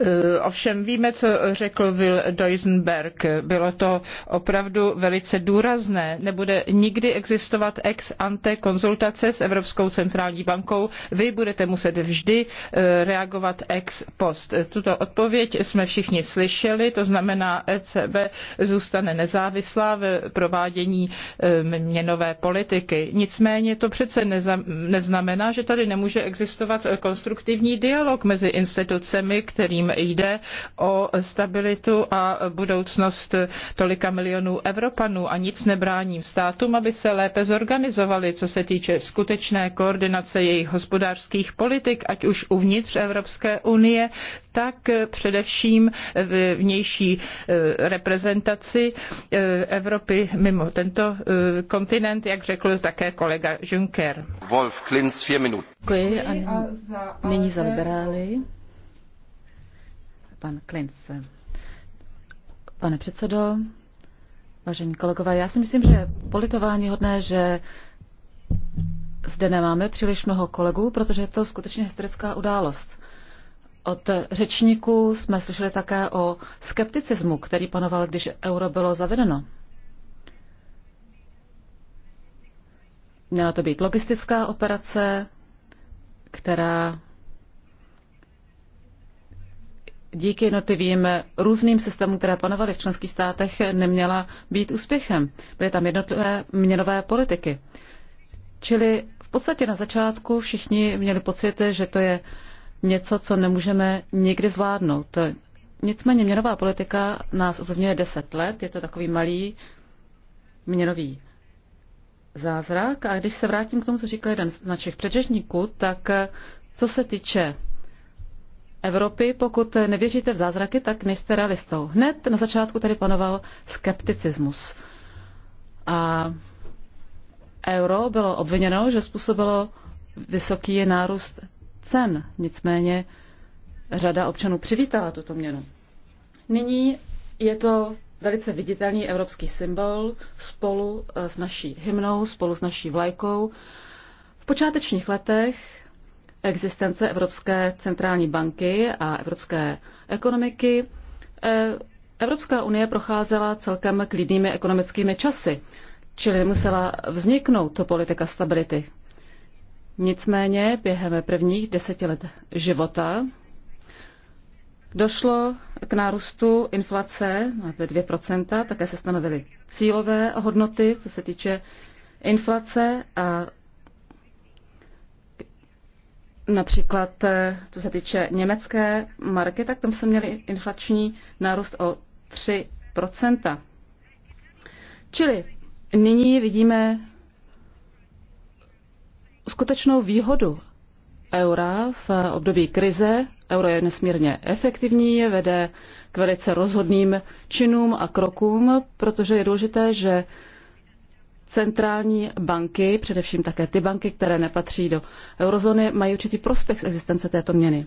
Eh, ovšem víme, co řekl Will Duisenberg. Bylo to opravdu velice důrazné. Nebude nikdy existovat ex ante konzultace s Evropskou centrální bankou. Vy budete muset vždy eh, reagovat ex post. Tuto odpověď jsme všichni slyšeli, to znamená ECB zůstane nezávislá v provádění eh, měnové politiky. Nicméně to přece neznamená, že tady nemůže existovat konstruktivní dialog mezi institucemi, kterým jde o stabilitu a budoucnost tolika milionů Evropanů a nic nebrání státům, aby se lépe zorganizovali, co se týče skutečné koordinace jejich hospodářských politik, ať už uvnitř Evropské unie, tak především v vnější eh, reprezentaci eh, Evropy mimo tento eh, kontinent, jak řekl také kolega Juncker. Wolf Klinz, 4 minuty. Děkuji a nyní za e liberály pan Klinc. Pane předsedo, vážení kolegové, já si myslím, že je politování hodné, že zde nemáme příliš mnoho kolegů, protože je to skutečně historická událost. Od řečníků jsme slyšeli také o skepticismu, který panoval, když euro bylo zavedeno. Měla to být logistická operace, která díky jednotlivým různým systémům, které panovaly v členských státech, neměla být úspěchem. Byly tam jednotlivé měnové politiky. Čili v podstatě na začátku všichni měli pocit, že to je něco, co nemůžeme nikdy zvládnout. Nicméně měnová politika nás ovlivňuje 10 let, je to takový malý měnový zázrak. A když se vrátím k tomu, co říkal jeden z našich předřežníků, tak co se týče Evropy, pokud nevěříte v zázraky, tak nejste realistou. Hned na začátku tady panoval skepticismus. A euro bylo obviněno, že způsobilo vysoký nárůst cen. Nicméně řada občanů přivítala tuto měnu. Nyní je to velice viditelný evropský symbol spolu eh, s naší hymnou, spolu s naší vlajkou. V počátečních letech existence Evropské centrální banky a evropské ekonomiky e, Evropská unie procházela celkem klidnými ekonomickými časy, čili musela vzniknout to politika stability. Nicméně během prvních deseti let života došlo k nárůstu inflace na 2%, také se stanovily cílové hodnoty, co se týče inflace a Například, eh, co se týče německé marky, tak tam jsme měli inflační nárůst o 3 Čili nyní vidíme skutečnou výhodu eura v období krize. Euro je nesmírně efektivní, vede k velice rozhodným činům a krokům, protože je důležité, že centrální banky, především také ty banky, které nepatří do eurozóny, mají určitý prospekt z existence této měny.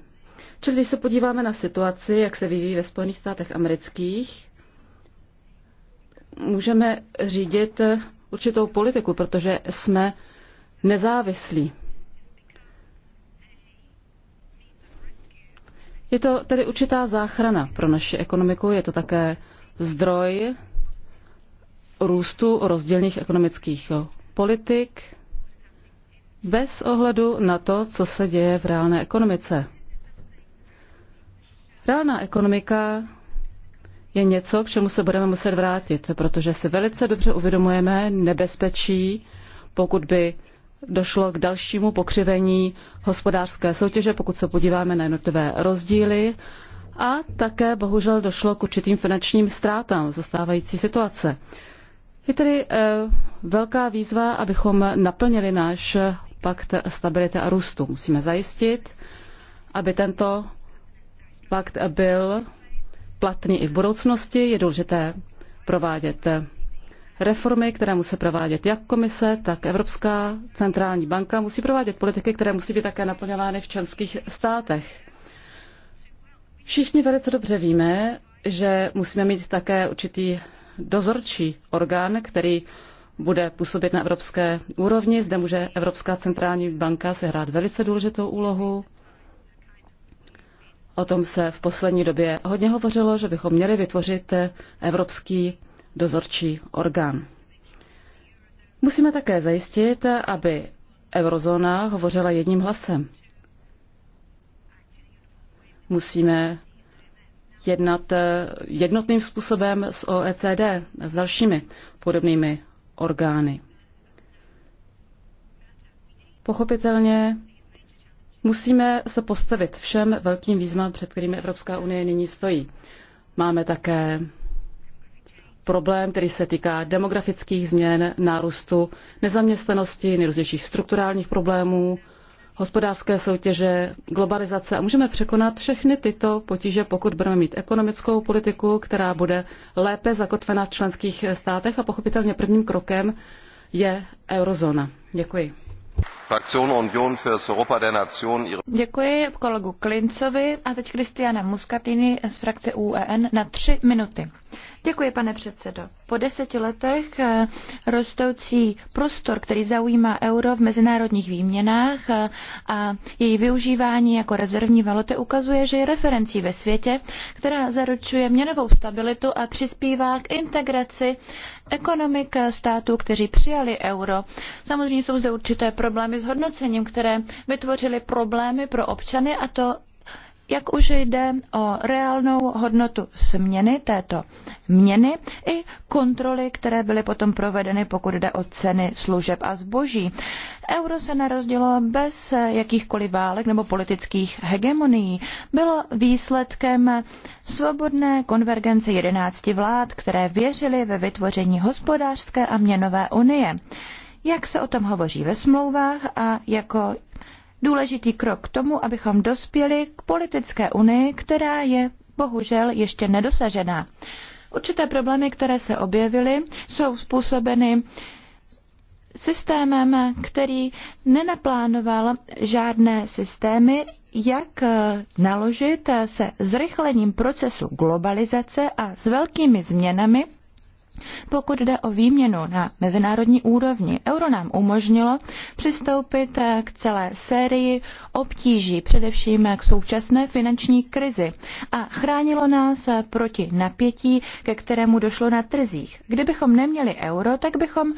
Čili když se podíváme na situaci, jak se vyvíjí ve Spojených státech amerických, můžeme řídit určitou politiku, protože jsme nezávislí. Je to tedy určitá záchrana pro naši ekonomiku, je to také zdroj růstu rozdělných ekonomických politik bez ohledu na to, co se děje v reálné ekonomice. Reálná ekonomika je něco, k čemu se budeme muset vrátit, protože si velice dobře uvědomujeme nebezpečí, pokud by došlo k dalšímu pokřivení hospodářské soutěže, pokud se podíváme na jednotlivé rozdíly. A také bohužel došlo k určitým finančním ztrátám zastávající situace. Je tedy eh, velká výzva, abychom naplnili náš pakt stability a růstu. Musíme zajistit, aby tento pakt byl platný i v budoucnosti. Je důležité provádět reformy, které musí provádět jak komise, tak Evropská centrální banka. Musí provádět politiky, které musí být také naplňovány v členských státech. Všichni velice dobře víme, že musíme mít také určitý dozorčí orgán, který bude působit na evropské úrovni. Zde může Evropská centrální banka sehrát velice důležitou úlohu. O tom se v poslední době hodně hovořilo, že bychom měli vytvořit evropský dozorčí orgán. Musíme také zajistit, aby eurozóna hovořila jedním hlasem. Musíme jednat eh, jednotným způsobem s OECD, s dalšími podobnými orgány. Pochopitelně musíme se postavit všem velkým výzvám, před kterými Evropská unie nyní stojí. Máme také problém, který se týká demografických změn, nárůstu nezaměstnanosti, nejrůznějších strukturálních problémů, hospodářské soutěže, globalizace a můžeme překonat všechny tyto potíže, pokud budeme mít ekonomickou politiku, která bude lépe zakotvena v členských státech a pochopitelně prvním krokem je eurozóna. Děkuji. Děkuji kolegu Klincovi a teď Kristiana Muscatini z frakce UEN na tři minuty. Děkuji, pane předsedo. Po deseti letech eh, rostoucí prostor, který zaujímá euro v mezinárodních výměnách eh, a její využívání jako rezervní valuty ukazuje, že je referencí ve světě, která zaručuje měnovou stabilitu a přispívá k integraci ekonomik eh, států, kteří přijali euro. Samozřejmě jsou zde určité problémy s hodnocením, které vytvořily problémy pro občany a to jak už jde o reálnou hodnotu směny této měny i kontroly, které byly potom provedeny, pokud jde o ceny služeb a zboží. Euro se narozdělo bez jakýchkoliv válek nebo politických hegemonií. Bylo výsledkem svobodné konvergence 11 vlád, které věřily ve vytvoření hospodářské a měnové unie. Jak se o tom hovoří ve smlouvách a jako důležitý krok k tomu, abychom dospěli k politické unii, která je bohužel ještě nedosažená. Určité problémy, které se objevily, jsou způsobeny systémem, který nenaplánoval žádné systémy, jak naložit se zrychlením procesu globalizace a s velkými změnami, pokud jde o výměnu na mezinárodní úrovni, euro nám umožnilo přistoupit eh, k celé sérii obtíží, především eh, k současné finanční krizi a chránilo nás eh, proti napětí, ke kterému došlo na trzích. Kdybychom neměli euro, tak bychom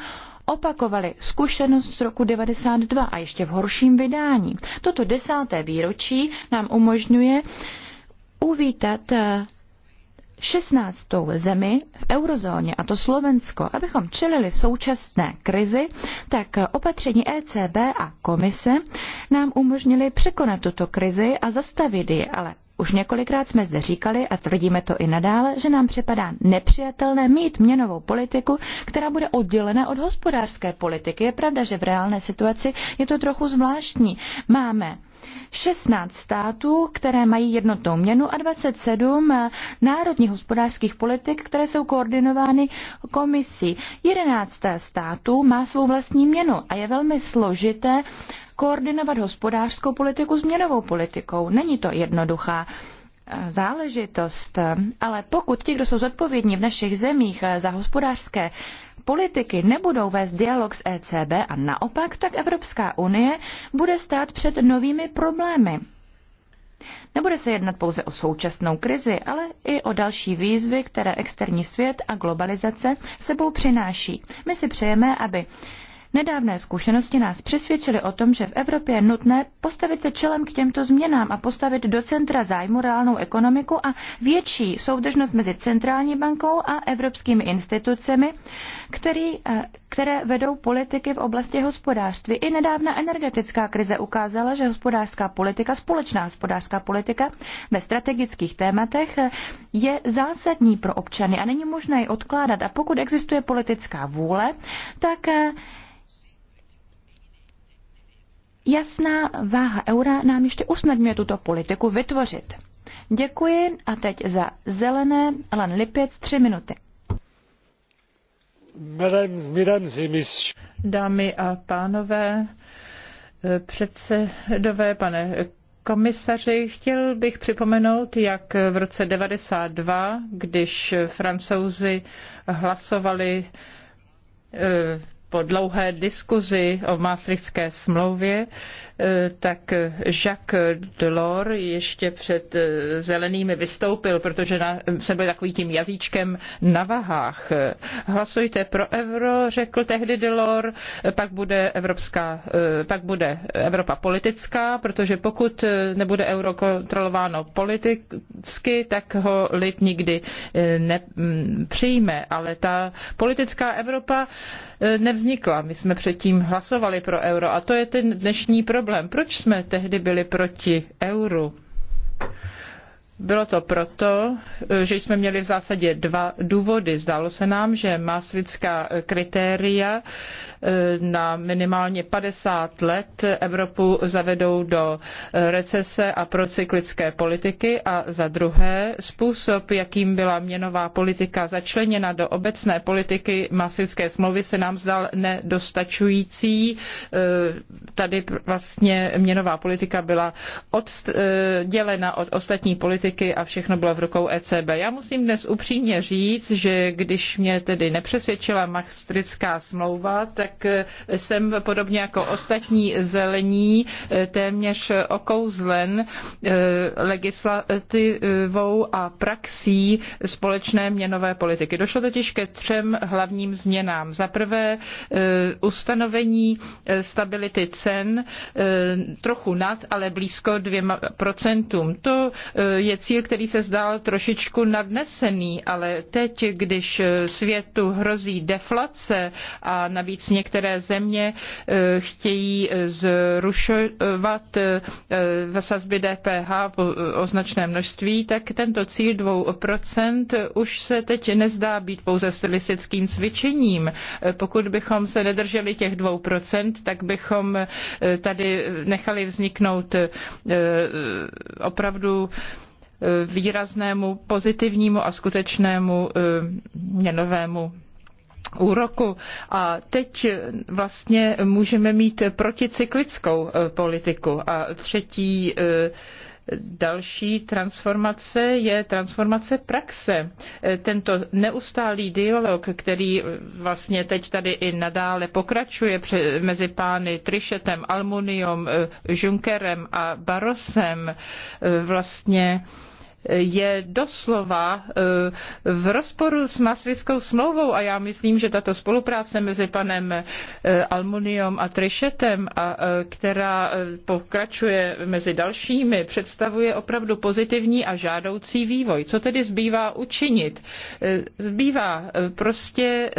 opakovali zkušenost z roku 92 a ještě v horším vydání. Toto desáté výročí nám umožňuje uvítat 16. zemi v eurozóně, a to Slovensko, abychom čelili současné krizi, tak opatření ECB a komise nám umožnili překonat tuto krizi a zastavit ji, ale už několikrát jsme zde říkali a tvrdíme to i nadále, že nám připadá nepřijatelné mít měnovou politiku, která bude oddělena od hospodářské politiky. Je pravda, že v reálné situaci je to trochu zvláštní. Máme 16 států, které mají jednotnou měnu a 27 národních hospodářských politik, které jsou koordinovány komisí. 11 států má svou vlastní měnu a je velmi složité koordinovat hospodářskou politiku s měnovou politikou. Není to jednoduchá záležitost, ale pokud ti, kdo jsou zodpovědní v našich zemích za hospodářské politiky, nebudou vést dialog s ECB a naopak, tak Evropská unie bude stát před novými problémy. Nebude se jednat pouze o současnou krizi, ale i o další výzvy, které externí svět a globalizace sebou přináší. My si přejeme, aby Nedávné zkušenosti nás přesvědčily o tom, že v Evropě je nutné postavit se čelem k těmto změnám a postavit do centra zájmu reálnou ekonomiku a větší soudržnost mezi centrální bankou a evropskými institucemi, který, eh, které vedou politiky v oblasti hospodářství. I nedávná energetická krize ukázala, že hospodářská politika, společná hospodářská politika ve strategických tématech eh, je zásadní pro občany a není možné ji odkládat. A pokud existuje politická vůle, tak eh, Jasná váha eura nám ještě usnadňuje tuto politiku vytvořit. Děkuji a teď za zelené Alan Lipěc tři minuty. Dámy a pánové, předsedové, pane komisaři, chtěl bych připomenout, jak v roce 92, když francouzi hlasovali eh, po dlouhé diskuzi o Maastrichtské smlouvě, eh, tak Jacques Delors ještě před eh, zelenými vystoupil, protože na, jsem byl takový tím jazyčkem na vahách. Hlasujte pro euro, řekl tehdy Delors, pak bude, evropská, eh, pak bude Evropa politická, protože pokud nebude euro kontrolováno politicky, tak ho lid nikdy nepřijme. Mm, Ale ta politická Evropa nevznikla vznikla. My jsme předtím hlasovali pro euro a to je ten dnešní problém. Proč jsme tehdy byli proti euru? Bylo to proto, eh, že jsme měli v zásadě dva důvody. Zdálo se nám, že maastrichtská kritéria eh, na minimálně 50 let Evropu zavedou do eh, recese a procyklické politiky a za druhé způsob, jakým byla měnová politika začleněna do obecné politiky maastrichtské smlouvy se nám zdal nedostačující. Tady vlastně měnová politika byla oddělena od ostatní politiky politiky a všechno bylo v rukou ECB. Já musím dnes upřímně říct, že když mě tedy nepřesvědčila Maastrichtská smlouva, tak eh, jsem podobně jako ostatní zelení eh, téměř okouzlen eh, legislativou a praxí společné měnové politiky. Došlo totiž ke třem hlavním změnám. Za prvé ustanovení stability cen trochu nad, ale blízko dvěma procentům. To je je cíl, který se zdál trošičku nadnesený, ale teď, když světu hrozí deflace a navíc některé země eh, chtějí zrušovat eh, ve sazby DPH eh, o značné množství, tak tento cíl 2% už se teď nezdá být pouze stylistickým cvičením. Pokud bychom se nedrželi těch 2%, tak bychom tady nechali vzniknout opravdu výraznému pozitivnímu a skutečnému eh, měnovému úroku. A teď vlastně můžeme mít proticyklickou eh, politiku. A třetí eh, Další transformace je transformace praxe. Tento neustálý dialog, který vlastně teď tady i nadále pokračuje mezi pány Trišetem, Almuniom, Junkerem a Barosem, vlastně je doslova eh, v rozporu s Maslickou smlouvou a já myslím, že tato spolupráce mezi panem eh, Almuniom a Trišetem, a, eh, která pokračuje mezi dalšími, představuje opravdu pozitivní a žádoucí vývoj. Co tedy zbývá učinit? Zbývá prostě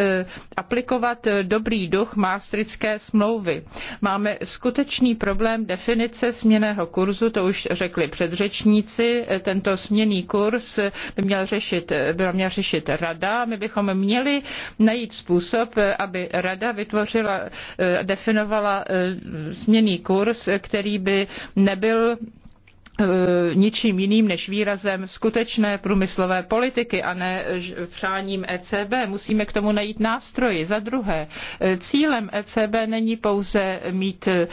aplikovat dobrý duch Maastrichtské smlouvy. Máme skutečný problém definice směného kurzu, to už řekli předřečníci, tento změný kurz by měl řešit, by měl řešit rada. My bychom měli najít způsob, aby rada vytvořila, eh, definovala eh, změný kurz, který by nebyl E, ničím jiným než výrazem skutečné průmyslové politiky a ne přáním ECB. Musíme k tomu najít nástroji. Za druhé, e, cílem ECB není pouze mít e,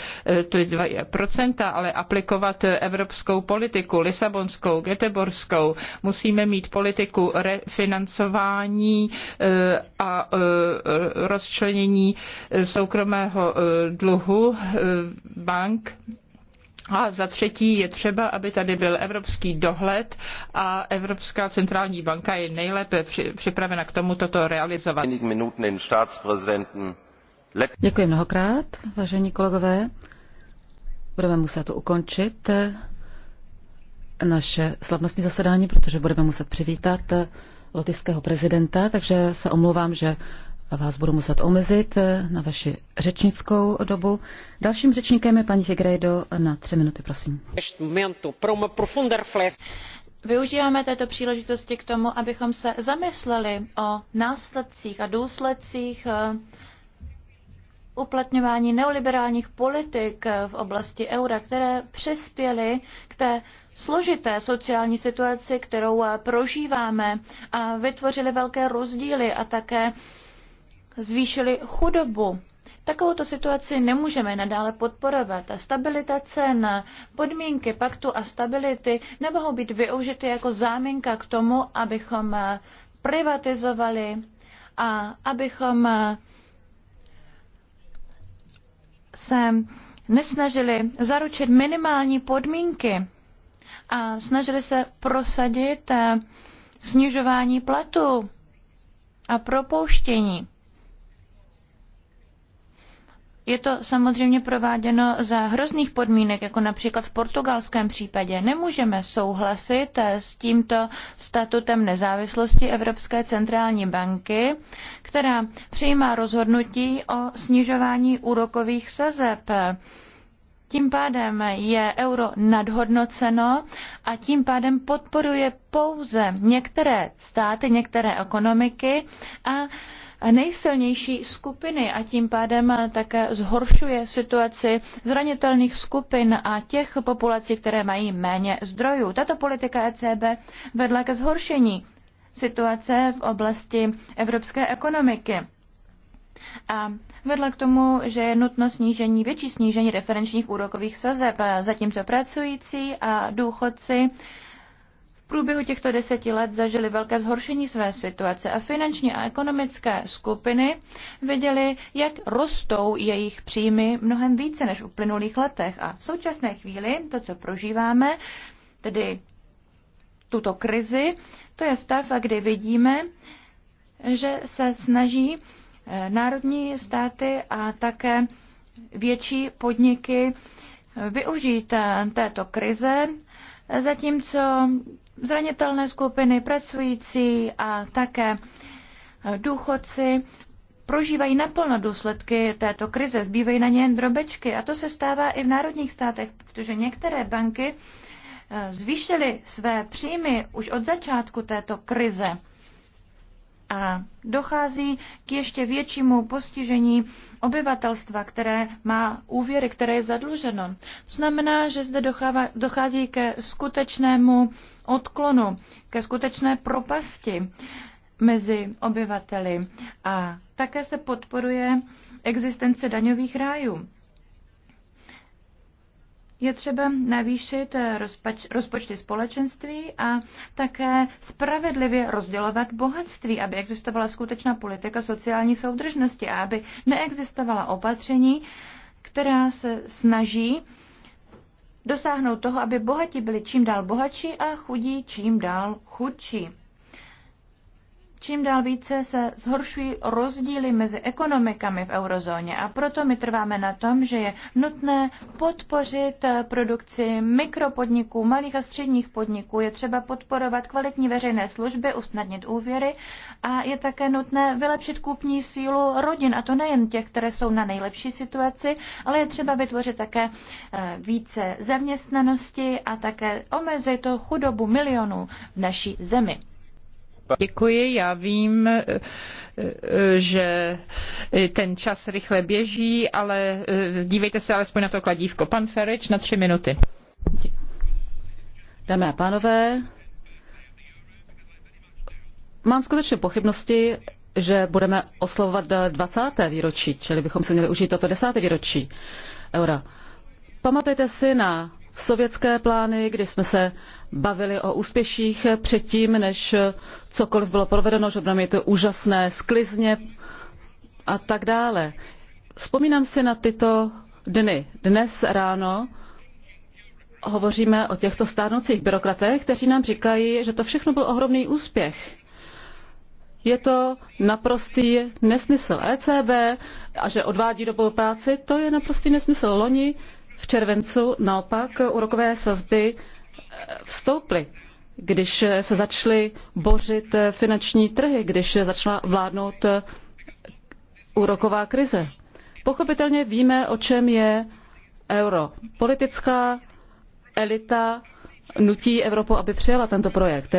ty 2%, ale aplikovat evropskou politiku, lisabonskou, geteborskou. Musíme mít politiku refinancování a rozčlenění soukromého dluhu bank a za třetí je třeba, aby tady byl evropský dohled a Evropská centrální banka je nejlépe připravena k tomu toto realizovat. Děkuji mnohokrát, vážení kolegové. Budeme muset ukončit eh, naše slavnostní zasedání, protože budeme muset přivítat eh, lotyšského prezidenta, takže se omlouvám, že vás budu muset omezit eh, na vaši řečnickou dobu. Dalším řečníkem je paní Figueiredo na tři minuty, prosím. Využíváme této příležitosti k tomu, abychom se zamysleli o následcích a důsledcích eh, uplatňování neoliberálních politik eh, v oblasti eura, které přispěly k té složité sociální situaci, kterou prožíváme a vytvořily velké rozdíly a také zvýšili chudobu. Takovouto situaci nemůžeme nadále podporovat a stabilita cen, podmínky paktu a stability nemohou být využity jako záminka k tomu, abychom eh, privatizovali a abychom eh, se nesnažili zaručit minimální podmínky a snažili se prosadit eh, snižování platu a propouštění. Je to samozřejmě prováděno za hrozných podmínek, jako například v portugalském případě. Nemůžeme souhlasit eh, s tímto statutem nezávislosti Evropské centrální banky, která přijímá rozhodnutí o snižování úrokových sazeb. Tím pádem je euro nadhodnoceno a tím pádem podporuje pouze některé státy, některé ekonomiky a nejsilnější skupiny a tím pádem také zhoršuje situaci zranitelných skupin a těch populací, které mají méně zdrojů. Tato politika ECB vedla ke zhoršení situace v oblasti evropské ekonomiky a vedla k tomu, že je nutno snížení, větší snížení referenčních úrokových sazeb, zatímco pracující a důchodci průběhu těchto deseti let zažili velké zhoršení své situace a finanční a ekonomické skupiny viděly, jak rostou jejich příjmy mnohem více než v uplynulých letech. A v současné chvíli to, co prožíváme, tedy tuto krizi, to je stav, kdy vidíme, že se snaží eh, národní státy a také větší podniky využít eh, této krize, zatímco zranitelné skupiny, pracující a také e, důchodci prožívají naplno důsledky této krize, zbývají na ně jen drobečky. A to se stává i v národních státech, protože některé banky e, zvýšily své příjmy už od začátku této krize. A dochází k ještě většímu postižení obyvatelstva, které má úvěry, které je zadluženo. To znamená, že zde dochází ke skutečnému odklonu, ke skutečné propasti mezi obyvateli a také se podporuje existence daňových rájů. Je třeba navýšit rozpač, rozpočty společenství a také spravedlivě rozdělovat bohatství, aby existovala skutečná politika sociální soudržnosti a aby neexistovala opatření, která se snaží dosáhnout toho, aby bohatí byli čím dál bohatší a chudí čím dál chudší čím dál více se zhoršují rozdíly mezi ekonomikami v eurozóně a proto my trváme na tom, že je nutné podpořit produkci mikropodniků, malých a středních podniků. Je třeba podporovat kvalitní veřejné služby, usnadnit úvěry a je také nutné vylepšit kupní sílu rodin, a to nejen těch, které jsou na nejlepší situaci, ale je třeba vytvořit také eh, více zaměstnanosti a také omezit chudobu milionů v naší zemi. Děkuji, já vím, eh, eh, že ten čas rychle běží, ale eh, dívejte se alespoň na to kladívko. Pan Ferič na tři minuty. Dámy a pánové, mám skutečně pochybnosti, že budeme oslovovat 20. výročí, čili bychom se měli užít toto 10. výročí eura. Pamatujte si na sovětské plány, kdy jsme se bavili o úspěších předtím, než cokoliv bylo provedeno, že budeme mít úžasné sklizně a tak dále. Vzpomínám si na tyto dny. Dnes ráno hovoříme o těchto stárnoucích byrokratech, kteří nám říkají, že to všechno byl ohromný úspěch. Je to naprostý nesmysl. ECB a že odvádí dobrou práci, to je naprostý nesmysl. Loni v červencu naopak úrokové sazby eh, vstouply, když se začaly bořit eh, finanční trhy, když začala vládnout eh, úroková krize. Pochopitelně víme, o čem je euro. Politická elita nutí Evropu, aby přijala tento projekt.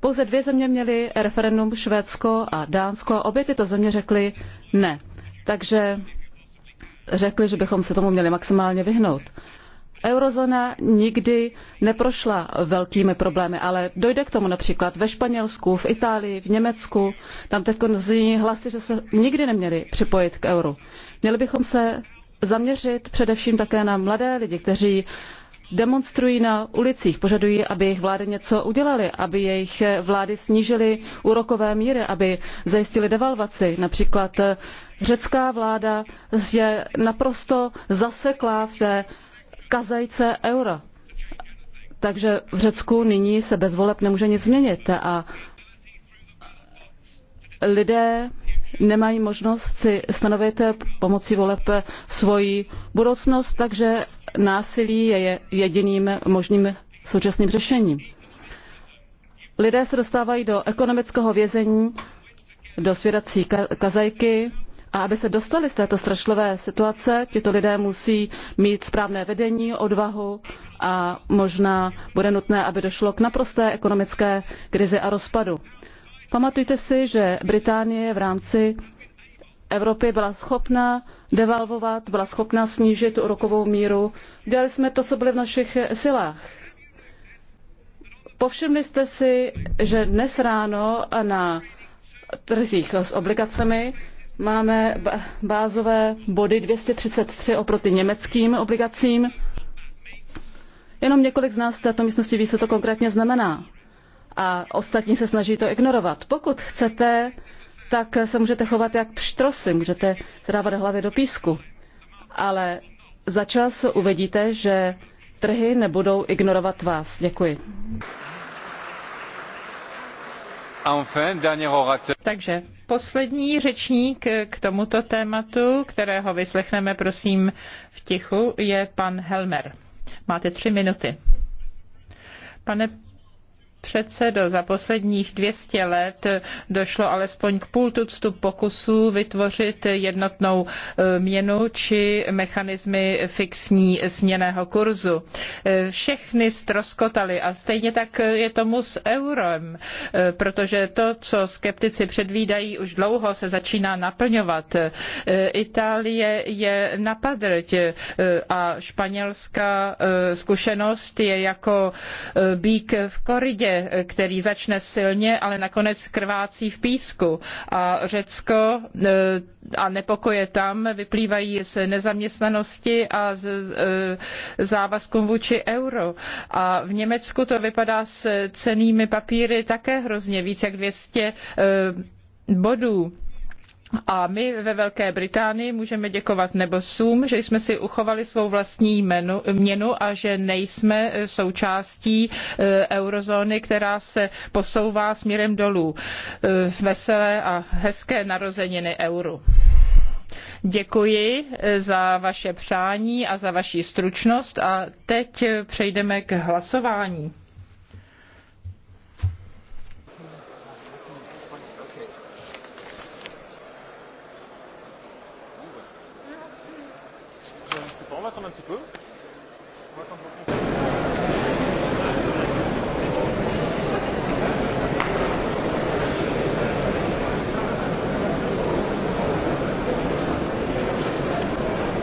Pouze dvě země měly referendum, Švédsko a Dánsko, a obě tyto země řekly ne. Takže řekli, že bychom se tomu měli maximálně vyhnout. Eurozóna nikdy neprošla velkými problémy, ale dojde k tomu například ve Španělsku, v Itálii, v Německu. Tam teď zní hlasy, že jsme nikdy neměli připojit k euru. Měli bychom se zaměřit především také na mladé lidi, kteří demonstrují na ulicích, požadují, aby jejich vlády něco udělaly, aby jejich vlády snížily úrokové míry, aby zajistili devalvaci. Například Řecká vláda je naprosto zaseklá v té kazajce eura. Takže v Řecku nyní se bez voleb nemůže nic změnit a lidé nemají možnost si stanovit pomocí voleb svoji budoucnost, takže násilí je jediným možným současným řešením. Lidé se dostávají do ekonomického vězení, do svědací kazajky, a aby se dostali z této strašlivé situace, tito lidé musí mít správné vedení, odvahu a možná bude nutné, aby došlo k naprosté ekonomické krizi a rozpadu. Pamatujte si, že Británie v rámci Evropy byla schopna devalvovat, byla schopna snížit úrokovou míru. Dělali jsme to, co bylo v našich silách. Povšimli jste si, že dnes ráno na trzích s obligacemi Máme bázové body 233 oproti německým obligacím. Jenom několik z nás v této místnosti ví, co to konkrétně znamená. A ostatní se snaží to ignorovat. Pokud chcete, tak se můžete chovat jak pštrosy, můžete dávat hlavy do písku. Ale za čas uvidíte, že trhy nebudou ignorovat vás. Děkuji. Takže poslední řečník k tomuto tématu, kterého vyslechneme, prosím, v tichu, je pan Helmer. Máte tři minuty. Pane předsedo, za posledních 200 let došlo alespoň k půl tuctu pokusů vytvořit jednotnou e, měnu či mechanismy fixní směného kurzu. E, všechny stroskotaly a stejně tak je tomu s eurem, e, protože to, co skeptici předvídají, už dlouho se začíná naplňovat. Itálie je napadrť a španělská zkušenost je jako bík v koridě který začne silně, ale nakonec krvácí v písku. A Řecko e, a nepokoje tam vyplývají z nezaměstnanosti a z e, závazkům vůči euro. A v Německu to vypadá s cenými papíry také hrozně, víc jak 200 e, bodů a my ve Velké Británii můžeme děkovat nebosům, že jsme si uchovali svou vlastní měnu a že nejsme eh, součástí eh, eurozóny, která se posouvá směrem dolů. Eh, veselé a hezké narozeniny euru. Děkuji za vaše přání a za vaši stručnost a teď přejdeme k hlasování. petit peu.